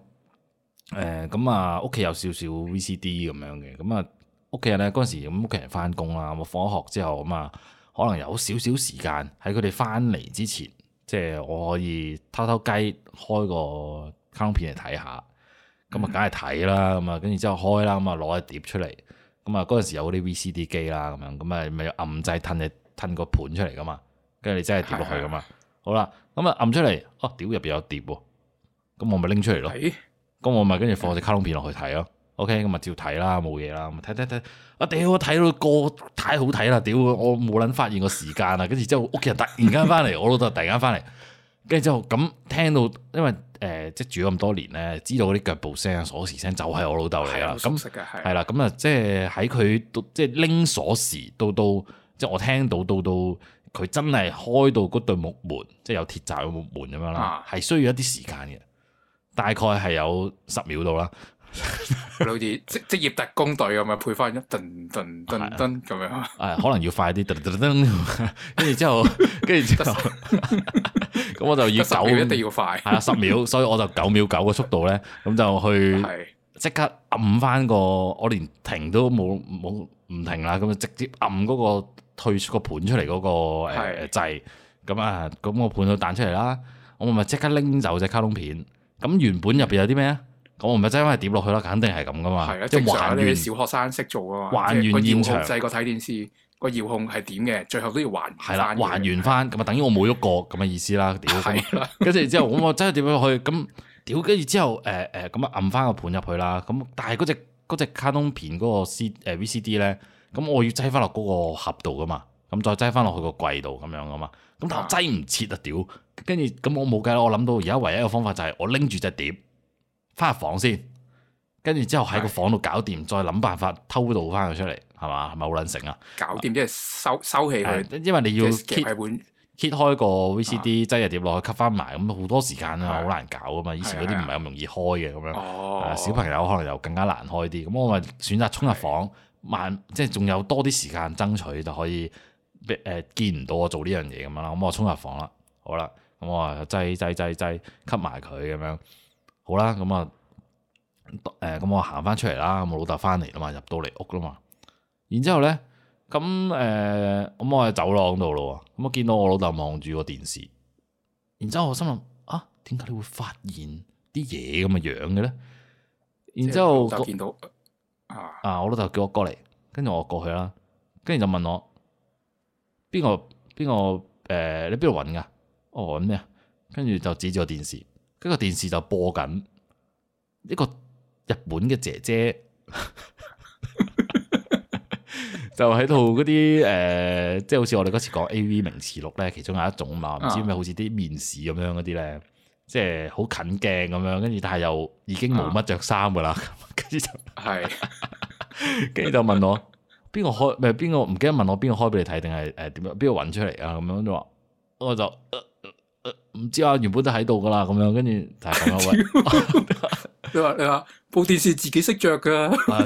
誒咁啊屋企有少少 VCD 咁樣嘅，咁啊屋企人咧嗰陣時咁屋企人翻工啦，我放咗學之後咁啊。可能有少少時間喺佢哋翻嚟之前，即係我可以偷偷雞開個卡通片嚟睇下，咁啊梗係睇啦，咁啊跟住之後開啦，咁啊攞一碟出嚟，咁啊嗰陣時有啲 VCD 機啦，咁樣咁啊咪暗掣吞就吞個盤出嚟噶嘛，跟住你真係跌落去噶嘛，是啊、好啦，咁啊暗出嚟，哦屌入邊有碟喎，咁我咪拎出嚟咯，咁是我咪跟住放隻卡通片落去睇咯。OK，咁咪照睇啦，冇嘢啦，咪睇睇睇。我屌，我睇到個太好睇啦！屌，我冇撚發現個時間啊。跟住之後，屋企人突然間翻嚟， (laughs) 我老豆突然間翻嚟。跟住之後咁聽到，因為誒、呃，即係住咗咁多年咧，知道嗰啲腳步聲、鎖匙聲，就係我老豆嚟噶啦。咁係啦，咁啊，即係喺佢即係拎鎖匙，到到即係我聽到，到到佢真係開到嗰對木門，即係有鐵閘嘅木門咁樣啦，係需要一啲時間嘅，大概係有十秒到啦。嗯佢好似職職業特工隊咁樣，配翻一噔噔噔噔咁樣。誒，可能要快啲，噔噔跟住之後，跟住之後，咁 (laughs) (laughs) 我就要九一定要快，係啦十秒，所以我就九秒九嘅速度咧，咁就去即的刻按翻個，我連停都冇冇唔停啦，咁就直接按嗰個退出個盤出嚟嗰、那個誒掣，咁、呃、啊，咁我盤就彈出嚟啦，我咪即刻拎走隻卡通片。咁原本入邊有啲咩啊？ (laughs) 咁我唔係擠返隻碟落去啦，肯定係咁噶嘛。即係還原小學生識做啊嘛。還原現場細個睇電視，個遙控係點嘅？最後都要還。係啦，還完翻咁啊，等於我冇喐過咁嘅 (laughs) 意思啦。屌是的，跟 (laughs) 住之後，我我擠隻碟落去咁？屌，跟住之後，誒、呃、誒，咁啊，按翻個盤入去啦。咁，但係嗰隻隻卡通片嗰個 C 誒 VCD 咧，咁我要擠翻落嗰個盒度噶嘛。咁再擠翻落去個櫃度咁樣噶嘛。咁但係擠唔切啊屌！跟住咁我冇計啦，我諗到而家唯一嘅方法就係我拎住隻碟。翻入房先，跟住之後喺個房度搞掂，再諗辦法偷渡翻佢出嚟，係嘛？係咪好捻醒啊？搞掂即係收收起佢，因為你要 keep 開個 VCD，擠入碟落去吸翻埋，咁好多時間啊，好難搞啊嘛。以前嗰啲唔係咁容易開嘅，咁、啊、樣。哦，小朋友可能又更加難開啲。咁我咪選擇衝入房，慢即係仲有多啲時間爭取就可以，誒見唔到我做呢樣嘢咁樣啦。咁我衝入房啦，好啦，咁我擠擠擠擠吸埋佢咁樣。好啦，咁、嗯、啊，誒、嗯，咁我行翻出嚟啦，我老豆翻嚟啦嘛，入到嚟屋啦嘛，然之後咧，咁誒，我喺走廊度咯，咁我見到我老豆望住個電視，然之後我心諗啊，點解你會發現啲嘢咁嘅樣嘅咧？然之後就見到啊我老豆叫我過嚟，跟住我過去啦，跟住就問我邊個邊個誒，你邊度搵噶？我搵咩啊？跟住就指住個電視。跟個電視就播緊一個日本嘅姐姐， (laughs) (laughs) 就喺度嗰啲誒，即、呃、係、就是、好似我哋嗰次講 A. V. 名詞錄咧，其中有一種嘛，唔知咩好似啲面試咁樣嗰啲咧，啊、即係好近鏡咁樣，跟住但係又已經冇乜着衫噶啦，跟住、啊、 (laughs) 就係，跟住 (laughs) (laughs) 就問我邊個開，唔係邊個唔記得問我邊個開俾你睇，定係誒點樣邊個揾出嚟啊？咁樣就話，我就，呃唔、呃、知啊，原本都喺度噶啦，咁樣跟住就咁啊，喂！你話你話部電視自己識着噶，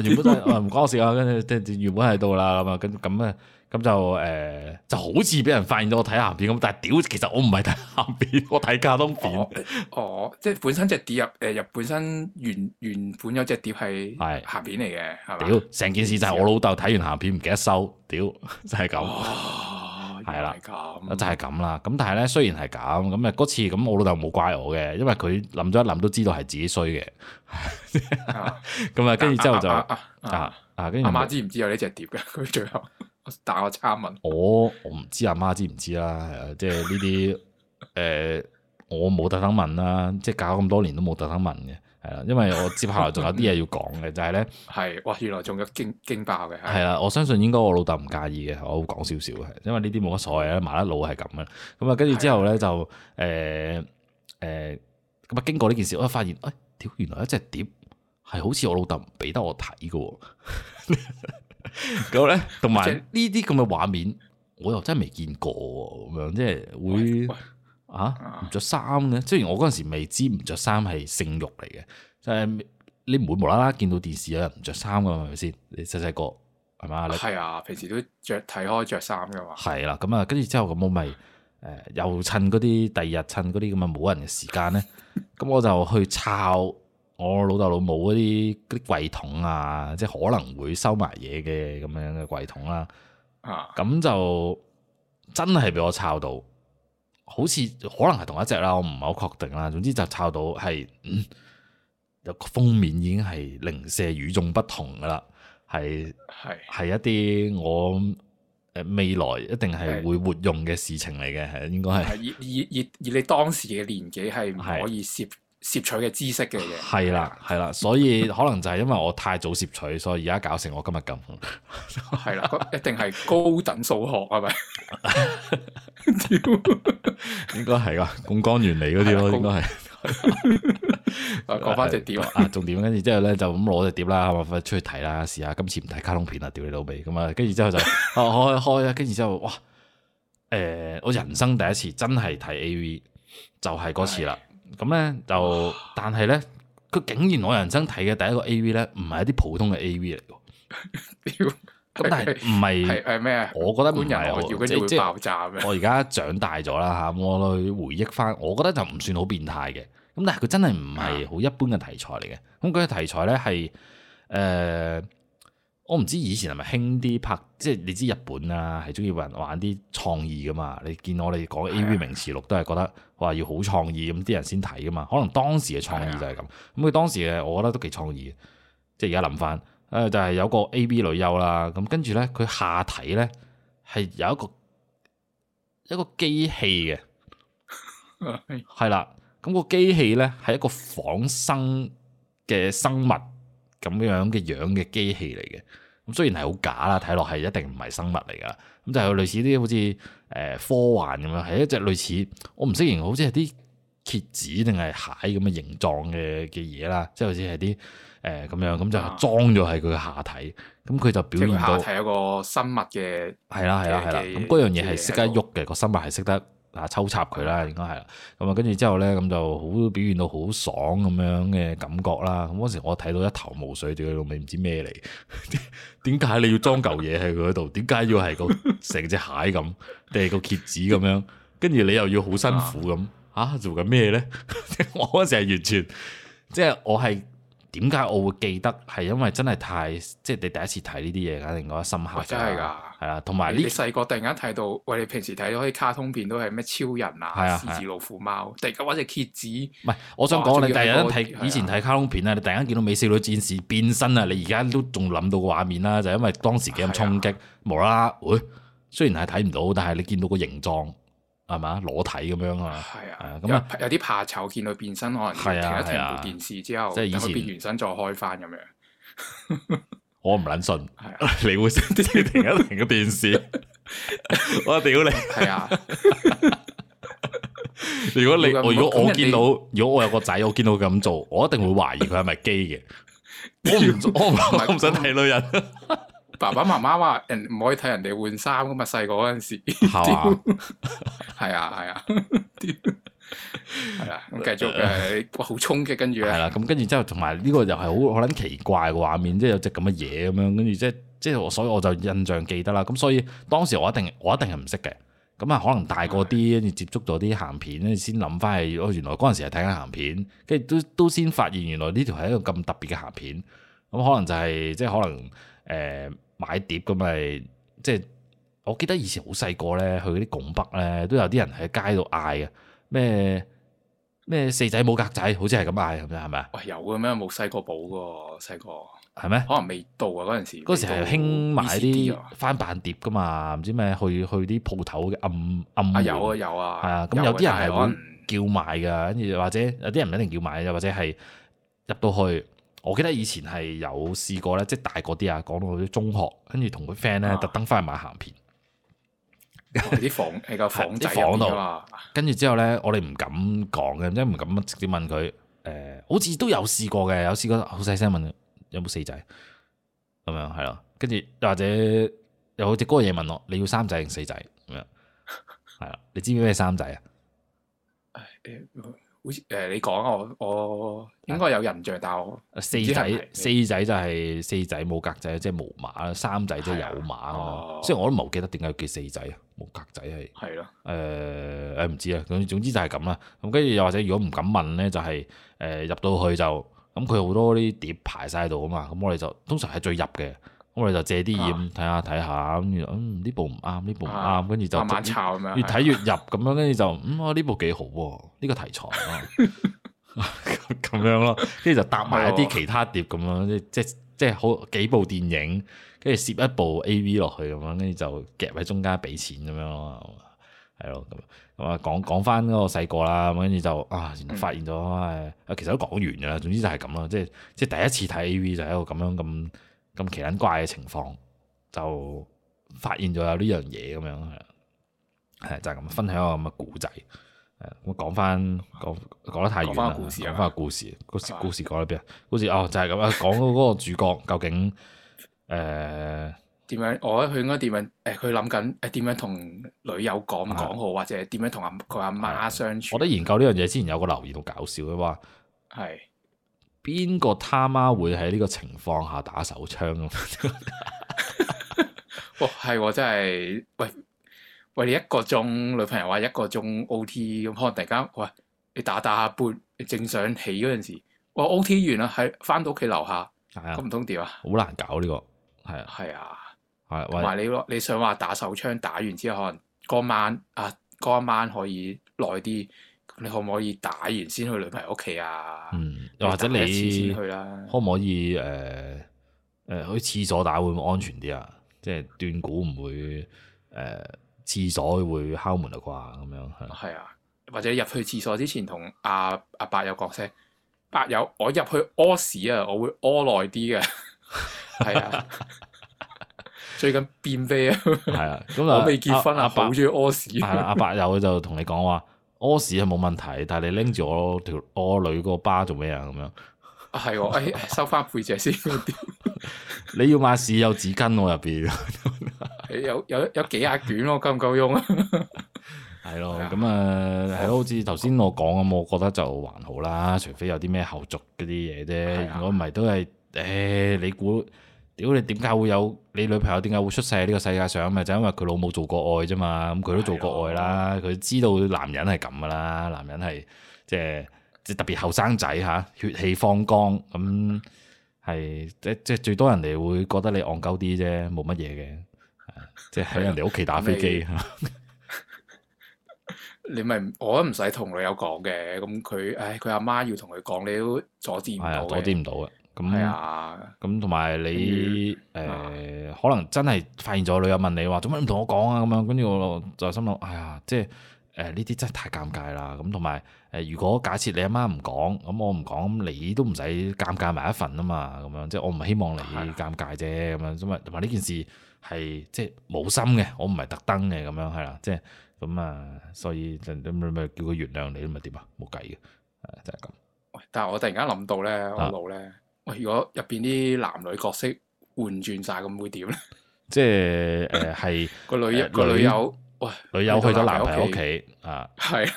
原本都係唔關事啊，跟住即係原本喺度啦，咁啊，咁咁啊，咁就誒就好似俾人發現咗我睇鹹片咁，但係屌，其實我唔係睇鹹片，我睇卡通片哦。哦，即係本身隻碟入誒入、呃、本身原原本有隻碟係係鹹片嚟嘅，係屌是，成吧件事就係我老豆睇完鹹片唔記得收，屌，真係咁。 (laughs) 係啦，就係咁啦。咁但係咧，雖然係咁，咁誒嗰次咁，我老豆冇怪我嘅，因為佢諗咗一諗都知道係自己衰嘅。咁誒，跟住之後就啊啊，跟住阿媽知唔知有呢隻碟㗎？佢最後，但我差問我，我唔知阿媽知唔知啦。係啊，即係呢啲誒，我冇特登問啦。即係搞咁多年都冇特登問嘅。係啦， (laughs) 因為我接下來仲有啲嘢要講嘅，就係、是、咧，係哇，原來仲有驚驚爆嘅。係啦，我相信應該我老豆唔介意嘅，我會講少少嘅，因為呢啲冇乜所謂啦，麻甩佬係咁嘅。咁啊，跟住之後咧的就誒誒，咁、呃、啊、呃、經過呢件事，我發現誒，屌、哎、原來一隻碟係好似我老豆唔俾得我睇嘅，咁 (laughs) 咧，同埋呢啲咁嘅畫面，我又真係未見過咁樣，即係會。啊，唔着衫嘅，雖然我嗰陣時未知唔着衫係性慾嚟嘅，就係、是、你唔會無啦啦見到電視有人唔着衫㗎，係咪先？你細細個係咪啊？係啊，平時都着睇開着衫㗎嘛。係啦，咁啊，跟住之後咁我咪誒、呃、又趁嗰啲第二日趁嗰啲咁嘅冇人嘅時間咧，咁 (laughs) 我就去抄我老豆老母嗰啲嗰啲櫃桶啊，即係可能會收埋嘢嘅咁樣嘅櫃桶啦。啊，咁、啊、就真係俾我抄到。好似可能係同一隻啦，我唔係好確定啦。總之就抄到係嗯係個封面已經係零舍與眾不同噶啦，係係係一啲我誒未來一定係會活用嘅事情嚟嘅，係應該係而而而你當時嘅年紀係唔可以涉是。攝取嘅知識嘅嘢係啦，係啦，所以可能就係因為我太早攝取， (laughs) 所以而家搞成我今日咁。係 (laughs) 啦，一定係高等數學係咪？ (laughs) (laughs) 應該係啊，槓桿原理嗰啲咯，應該係。講翻隻碟啊，重點跟住之後咧就咁攞隻碟啦，咁啊出去睇啦，試下今次唔睇卡通片尿尿尿啊，屌你老味！咁啊，跟住之後就開開，跟住之後哇，誒、呃，我人生第一次真係睇 A V，就係嗰次啦。咁咧就，但係咧，佢竟然我人生睇嘅第一個 A V 咧，唔係一啲普通嘅 A V 嚟嘅。咁 (laughs) 但係唔係係咩？ (laughs) 我覺得本人我叫嗰啲會爆炸嘅。我而家長大咗啦吓，我去回憶翻，我覺得就唔算好變態嘅。咁但係佢真係唔係好一般嘅題材嚟嘅。咁佢嘅題材咧係誒。呃我唔知以前係咪興啲拍，即係你知日本啊，係中意人玩啲創意噶嘛。你見我哋講 A.V. 名詞錄都係覺得，話要好創意，咁啲人先睇噶嘛。可能當時嘅創意就係咁。咁佢當時嘅，我覺得都幾創意。即係而家諗翻，誒就係有個 A.V. 女優啦。咁跟住咧，佢下體咧係有一個，有一，個一個機器嘅，係啦。 (laughs) 咁，那個機器咧係一個仿生嘅生物。咁嘅樣嘅樣嘅機器嚟嘅，咁雖然係好假啦，睇落，係一定唔係生物嚟噶，咁就係類似啲好似誒科幻咁樣，係一隻類似我唔識形容，好似係啲蠍子定係蟹咁嘅形狀嘅嘅嘢啦，即係好似係啲誒咁樣，咁就裝咗喺佢嘅下體，咁佢、啊、就表現到下體有一個生物嘅係啦係啦係啦，咁嗰、啊啊啊啊啊啊、樣嘢係識得喐嘅，個、啊、生物係識得。嗱，抽插佢啦，應該係啦。咁啊，跟住之後咧，咁就好表現到好爽咁樣嘅感覺啦。咁嗰時我睇到一頭霧水，對佢到尾唔知咩嚟。點解你要裝嚿嘢喺佢度？點解 (laughs) 要係個成隻蟹咁，定係個蠍子咁樣？跟住你又要好辛苦咁嚇、 (laughs) 啊啊，做緊咩咧？ (laughs) 我嗰時係完全，即、就、係、是、我係點解我會記得，係因為真係太即係、就是、你第一次睇呢啲嘢，肯定覺得深刻。哇！真係㗎～啊！同埋呢，細個突然間睇到，喂，你平時睇咗啲卡通片都係咩超人啊、啊獅子、老虎、貓，突然間或者蠍子。唔係，我想講哇、那個、你突然間睇以前睇卡通片啊，你突然間見到美少女戰士變身啊，你而家都仲諗到個畫面啦，就係、因為當時幾咁衝擊，啊、無啦啦，會、哎、雖然係睇唔到，但係你見到個形狀係嘛，裸體咁樣啊。係啊樣，咁有啲怕醜，見到變身可能停一停電視，之後，啊啊、即係以前變完身再開翻咁樣。 (laughs) 我唔捻信，係啊、 (laughs) 你會先先停一停個電視， (laughs) 我屌你！係啊，如果你我如果我見到，如果我有個仔，我見到佢咁做，我一定會懷疑佢係咪基嘅。我唔 (laughs) 係我唔我唔想睇女人。 (laughs) 爸爸媽媽話：人唔可以睇人哋換衫噶嘛。細個嗰陣時，時，係啊係啊。 (laughs) (laughs) (laughs) (laughs) (laughs) 係啦，咁繼 (laughs) 續誒，好衝擊，跟住係啦，咁 (laughs) 跟住之後，同埋呢個又係好可能奇怪嘅畫面，即係有隻咁嘅嘢咁樣，跟住即係即係，我所以我就印象記得啦。咁所以當時我一定我一定係唔識嘅，咁啊可能大個啲，跟住接觸咗啲鹹片，先諗翻係原來嗰陣時係睇緊鹹片，跟住都都先發現原來呢條係一個咁特別嘅鹹片，咁可能就係、是、即係可能誒、呃、買碟咁咪即係，我記得以前好細個咧，去嗰啲拱北咧，都有啲人喺街度嗌啊。咩咩四仔冇格仔，好似係咁嗌，係咪啊？有嘅咩，冇細個補嘅喎，細個係咩？可能未到啊，嗰陣時嗰陣時興買啲翻版碟嘅嘛，唔知咩去去啲鋪頭嘅暗暗。有啊、嗯、有啊，係啊，咁有啲人係會叫賣嘅，跟住或者有啲人唔一定叫賣，又或者係入到去，我記得以前係有試過咧，即係大個啲啊，講到啲中學，跟住同個 friend 咧特登翻去買鹹片。喺啲房喺個 (laughs) 的房仔房度，跟住 (laughs) 之後咧，我哋唔敢講嘅，即係唔敢直接問佢。誒、呃，好似都有試過嘅，有試過好細聲問有冇四仔，咁樣係咯。跟住又或者有隻哥嘢問我，你要三仔定四仔咁樣，係啦。你知唔知咩三仔啊？ (laughs) (laughs) 好似誒你講我我應該有印象，但係我四仔子四仔就係四仔冇格仔，即係無碼啦；三仔都係有碼喎。雖然、啊哦、我都唔記得點解叫四仔啊，冇格仔係。係、哎、咯，誒誒唔知啊。總總之就係咁啦。咁跟住又或者如果唔敢問咧，就係誒入到去就咁，佢、嗯、好多啲碟排晒喺度啊嘛。咁、嗯、我哋就通常係最入嘅。我哋、嗯啊、後就借啲嘢咁睇下睇下，咁嗯呢部唔啱，呢部唔啱，跟住就越睇越入咁樣，跟住就嗯呢、啊、部幾好喎、啊，呢、呢個題材咁 (laughs) (laughs) 樣咯，跟住就搭埋一啲其他碟咁樣， (laughs) 即即即好幾部電影，跟住攝一部 A V 落去咁樣，跟住就夾喺中間俾錢咁樣，係咯咁啊講講翻嗰個細個啦，咁跟住就啊，然後發現咗誒，嗯、其實都講完噶啦，總之就係咁咯，即即，即第一次睇 A V 就係一個咁樣咁。咁奇卵怪嘅情況就發現咗有呢樣嘢咁樣，係就係咁分享個咁嘅古仔，誒，我講翻講講得太遠啦，故事，講翻個故事，故事故事講喺邊啊？故事哦就係咁啊，講嗰個主角 (laughs) 究竟，誒點、呃、樣？我覺得佢應該點樣？誒、呃，佢諗緊誒點樣同女友講講好，的或者點樣同阿佢阿媽相處？我啲研究呢樣嘢之前有個留言好搞笑嘅話，係。邊個他媽會喺呢個情況下打手槍咁？哇、 (laughs) 哦！係我真係，喂喂你一，一個鐘女朋友話一個鐘 O T 咁，可能突然間喂你打打下半，你正想起嗰陣時，我、哦、O T 完啦，喺翻到屋企樓下，咁唔通點啊？好難，難搞呢、呢個，係啊，係啊的，同埋的你喂你想話打手槍打完之後，可能嗰晚啊嗰一晚可以耐啲。你可唔可以打完先去女朋友屋企啊？嗯，又或者你，你去啦？可唔可以誒誒、呃呃、去廁所打會唔會安全啲啊？即係斷估唔會誒廁、呃、所會敲門啊？啩？咁樣係係啊，或者入去廁所之前同阿阿伯有講聲，伯友，我入去屙屎啊，我會屙耐啲嘅，係 (laughs) (laughs) 啊，最近便秘啊，係啊，啊，咁啊，我未結婚啊， (laughs) (laughs) 阿伯好中意屙屎，阿伯友就同你講話。屙屎係冇問題，但係你拎住我條屙女個巴做咩啊？咁樣，係、哎、我收翻背脊先。 (laughs) 你要買屎有紙巾喎入邊？有有有幾百卷咯，夠唔夠用 (laughs) 的的啊？係咯的，咁啊的，係好似頭先我講咁，我覺得就還好啦，除非有啲咩後續嗰啲嘢啫。的如果唔係都係誒、哎，你估？屌你點解會有你女朋友點解會出世喺呢個世界上啊？咪就，因為佢老母做國外做過愛啫嘛，咁佢都做過愛啦，佢的知道男人係咁噶啦，男人係即係特別後生仔嚇，血氣方剛，咁，嗯、係即即最多人哋會覺得你戇鳩啲啫，冇乜嘢嘅，即喺人哋屋企打飛機，你咪 (laughs) 我都唔使同女友講嘅，咁佢唉佢阿媽，媽要同佢講，你都阻止唔到，哎、阻止唔到嘅。咁係啊，咁同埋你，誒、呃，可能真係發現咗女友問你話，做乜唔同我講啊？咁樣跟住我就心諗，哎呀，即係，誒、呃，呢啲真係太尷尬啦。咁同埋，誒、呃，如果假設你阿媽唔講，咁我唔講，咁你都唔使尷尬埋一份啊嘛。咁樣即係我唔希望你尷尬啫。咁樣，同埋呢件事係即係冇心嘅，我唔係特登嘅。咁樣係啦，即係咁啊，所以咁咪叫佢原諒你，咁咪點啊？冇計嘅，係就係咁。但係我突然間諗到咧，我老咧。啊啊喂，如果入邊啲男女角色換轉晒，咁會點咧？即係誒，係個女個女友，喂，女友去咗男朋友屋企啊。係，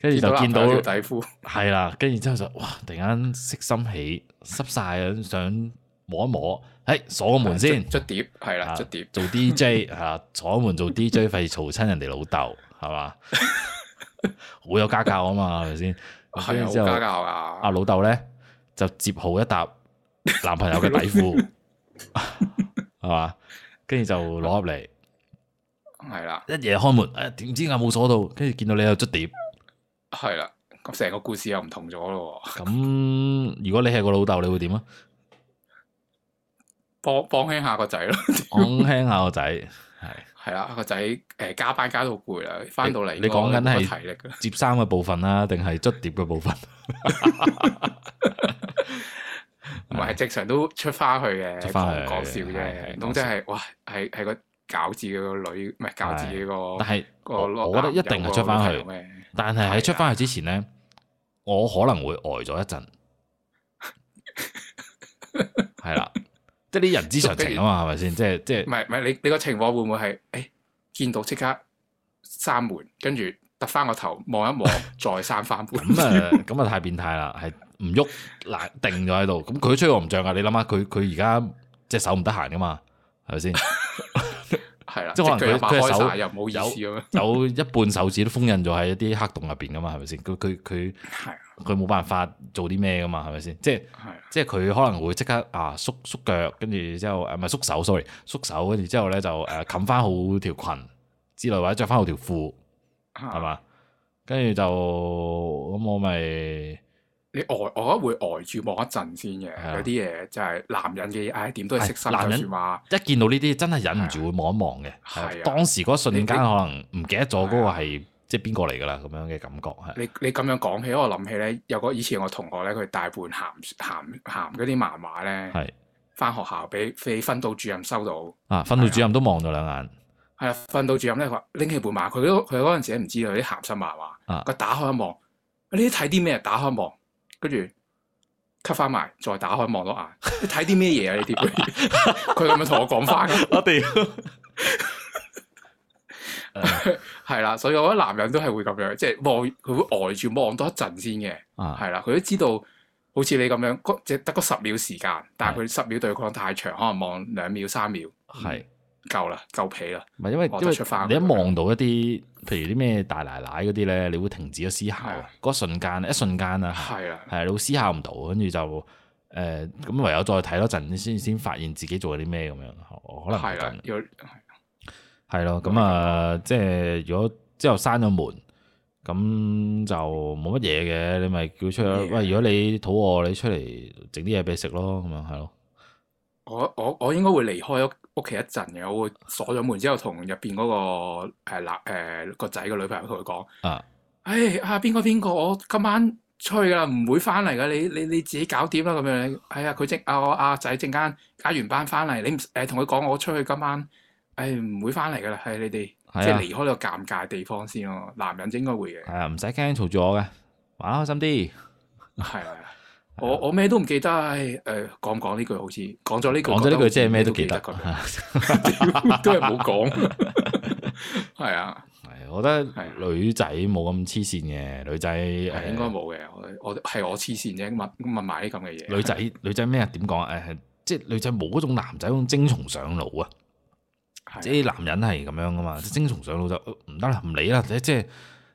跟住就見到底褲，係啦，跟住之後就哇，突然間色心起，濕晒啦，想摸一摸，誒，鎖個門先，出碟，係啦，出碟，做 DJ 吓，鎖門做 DJ，費事嘈親人哋老豆，係嘛？好有家教啊嘛，係咪先？係有家教噶，阿老豆咧？就接好一沓男朋友嘅底褲，係嘛？ (laughs) 跟住就攞入嚟，係啦 (laughs) 的。一夜開門，哎，點知啊冇鎖到？跟住見到你又捽碟，係啦。 (laughs) 咁成個故事又唔同咗咯。咁 (laughs) 如果你係個老豆，你會點啊？幫幫輕下個仔咯， (laughs) (laughs) 幫輕下個仔係。係啦，個仔誒加班加班到攰啦，那個，翻到嚟你講緊係接衫嘅部分啦，定係捽碟嘅部分？唔係 (laughs) (laughs) 正常都出翻去嘅，出翻去講笑啫。總之係哇，係係個搞自己嘅個女，唔係搞自己嘅個，但係我覺得一定係出翻去。但係喺出翻去之前咧，我可能會呆咗一陣。係啦。 (laughs) 即係啲人之常情啊嘛，係咪先？即係即係。唔係唔係，你你個情況會唔會係？誒，見到即刻閂門，跟住突翻個頭望一望，再閂翻門。咁啊咁啊，太變態啦！係唔喐，嗱定咗喺度。咁佢都吹我唔脹啊！你諗下，佢佢而家即係手唔得閒噶嘛，係咪先？係啦，即係可能佢佢手又冇意思咁樣，有一半手指都封印咗喺一啲黑洞入邊噶嘛，係咪先？佢佢佢。佢冇辦法做啲咩噶嘛，係咪先？即係即係佢可能會即刻啊縮縮腳，跟住之後誒唔係縮手，sorry，縮手，跟住之後咧就誒冚翻好條裙之類，或者着翻好條褲，係嘛？跟住就咁、呃，我咪你呆，我會呆住望一陣先嘅。有啲嘢就係、是、男人嘅，唉、哎，點都係識心。男人話は一見到呢啲真係忍唔住會望一望嘅。係、啊啊、當時嗰瞬間可能唔記得咗嗰個係。即係邊個嚟㗎喇？咁樣嘅感覺係。你你咁樣講起，我諗起咧，有個以前我同學咧，佢大半鹹鹹鹹嗰啲漫畫咧，係翻是學校俾訓導主任收到。啊！訓導主任都望咗兩眼。係啊！訓導主任咧，佢話拎起本漫，佢都佢嗰陣時唔知道啲鹹濕漫畫。佢、啊、打開一望，你啲睇啲咩？打開一望，跟住吸翻埋，再打開望咗眼，你睇啲咩嘢啊？呢啲佢咁樣同我講翻？我哋。係啦， (laughs) 所以我覺得男人都係會咁樣，即係望佢會呆住望多一陣先嘅。係啦、啊，佢都知道，好似你咁樣，即得個十秒時間，但係佢十秒對抗太長，可能望兩秒三秒，係的、嗯、夠啦，夠皮啦。唔係因為出因為你一望到一啲譬如啲咩大奶奶嗰啲咧，你會停止咗思考。嗰的瞬間，一瞬間啊，係啊的，係啊， (laughs) 你會思考唔到，跟住就誒咁、呃、唯，唯有再睇多陣先先發現自己做咗啲咩咁樣。可能係啦。係咯，咁啊，即係如果之後閂咗門，咁就冇乜嘢嘅。你咪叫出去咯，喂，呃，如果你肚餓，你出嚟整啲嘢俾食咯，咁樣係咯。我我我應該會離開屋屋企一陣嘅，我會鎖咗門之後，同入邊嗰個誒男誒個仔個女朋友同佢講，啊，哎啊邊個邊個，我今晚出去噶啦，唔會翻嚟噶，你你你自己搞掂啦，咁樣。係啊，佢即啊，我阿仔陣間加完班翻嚟，你唔誒同佢講，我出去今晚。誒，唔、哎、會翻嚟噶啦，係你哋、啊、即係離開呢個尷尬地方先咯、啊。男人就應該會嘅，係啊，唔使驚嘈住我嘅，玩開心啲。係啊， (laughs) 啊我我咩都唔記得，誒、哎，講講呢句好似講咗呢句，講咗呢句即係咩都記得，都係冇好講。係 (laughs) (laughs) (laughs) 啊，係、啊，我覺得係女仔冇咁黐線嘅，女仔誒，啊、應該冇嘅，我我係我黐線啫，問問埋啲咁嘅嘢。女仔女仔咩啊？點講誒，即係、哎呃就是、女仔冇嗰種男仔咁精蟲上腦啊！即係啲男人係咁樣噶嘛，精蟲上腦就唔得啦，唔理啦，即係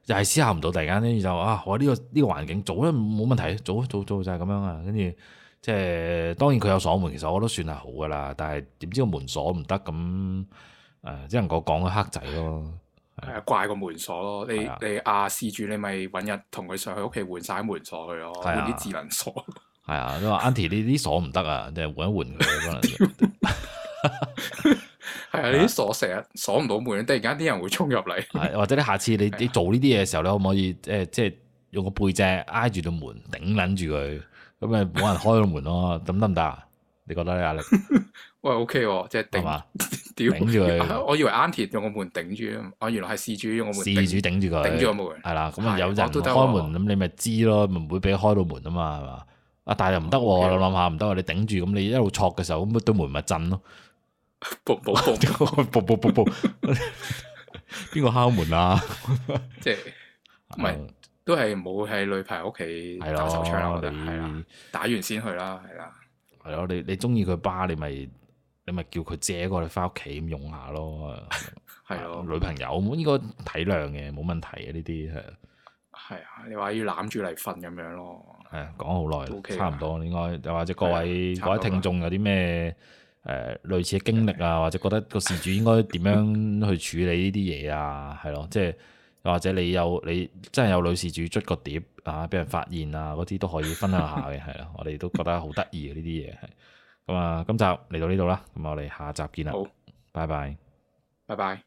又係思考唔到突然間咧就啊，我呢、呢個呢、呢個環境做咧冇問題，做做做，做就係、係、咁樣啊，跟住即係當然佢有鎖門鎖，其實我都算係好噶啦，但係點知個門鎖唔得咁，誒只能夠講講個黑仔咯，係啊的，怪個門鎖咯，你的你，你啊事主你咪搵日同佢上去屋企換晒啲門鎖去咯，換啲的智能鎖，係啊，你話 Aunty 呢啲鎖唔得啊，就換一換佢。可能。 (laughs) 係啊，你啲鎖成日鎖唔到門，突然間啲人會衝入嚟。或者你下次你你做呢啲嘢嘅時候，你可唔可以即係即係用個背脊挨住到門頂捻住佢，咁咪冇人開到門咯？得唔得啊？你覺得呢？壓力？喂，O K，即係頂住佢。我以為 Auntie 用個門頂住，哦，原來係事主用個門。事主頂住佢。頂住個門。係啦，咁啊有人開門，咁你咪知咯，咪唔會俾開到門啊嘛？係嘛？啊，但係又唔得，諗諗下唔得，你頂住，咁你一路戳嘅時候，咁對門咪震咯。步步步步步邊個敲門啊？即係唔係都係冇喺女朋友屋企打手槍我哋係啦，打完先去啦，係啦。係咯，你你中意佢巴，你咪你咪叫佢借過你翻屋企咁用下咯。係咯，女朋友應該體諒嘅，冇問題嘅呢啲係。係啊，你話要攬住嚟瞓咁樣咯。係講好耐，差唔多應該又或者各位各位聽眾有啲咩？誒、呃、類似嘅經歷啊，或者覺得個事主應該點樣去處理呢啲嘢啊，係咯，即係或者你有你真係有女事主捽個碟啊，俾人發現啊嗰啲都可以分享下嘅，係啦， (laughs) 我哋都覺得好得意嘅呢啲嘢係。咁啊，今集嚟到呢度啦，咁我哋下集見啦，好拜拜，拜拜。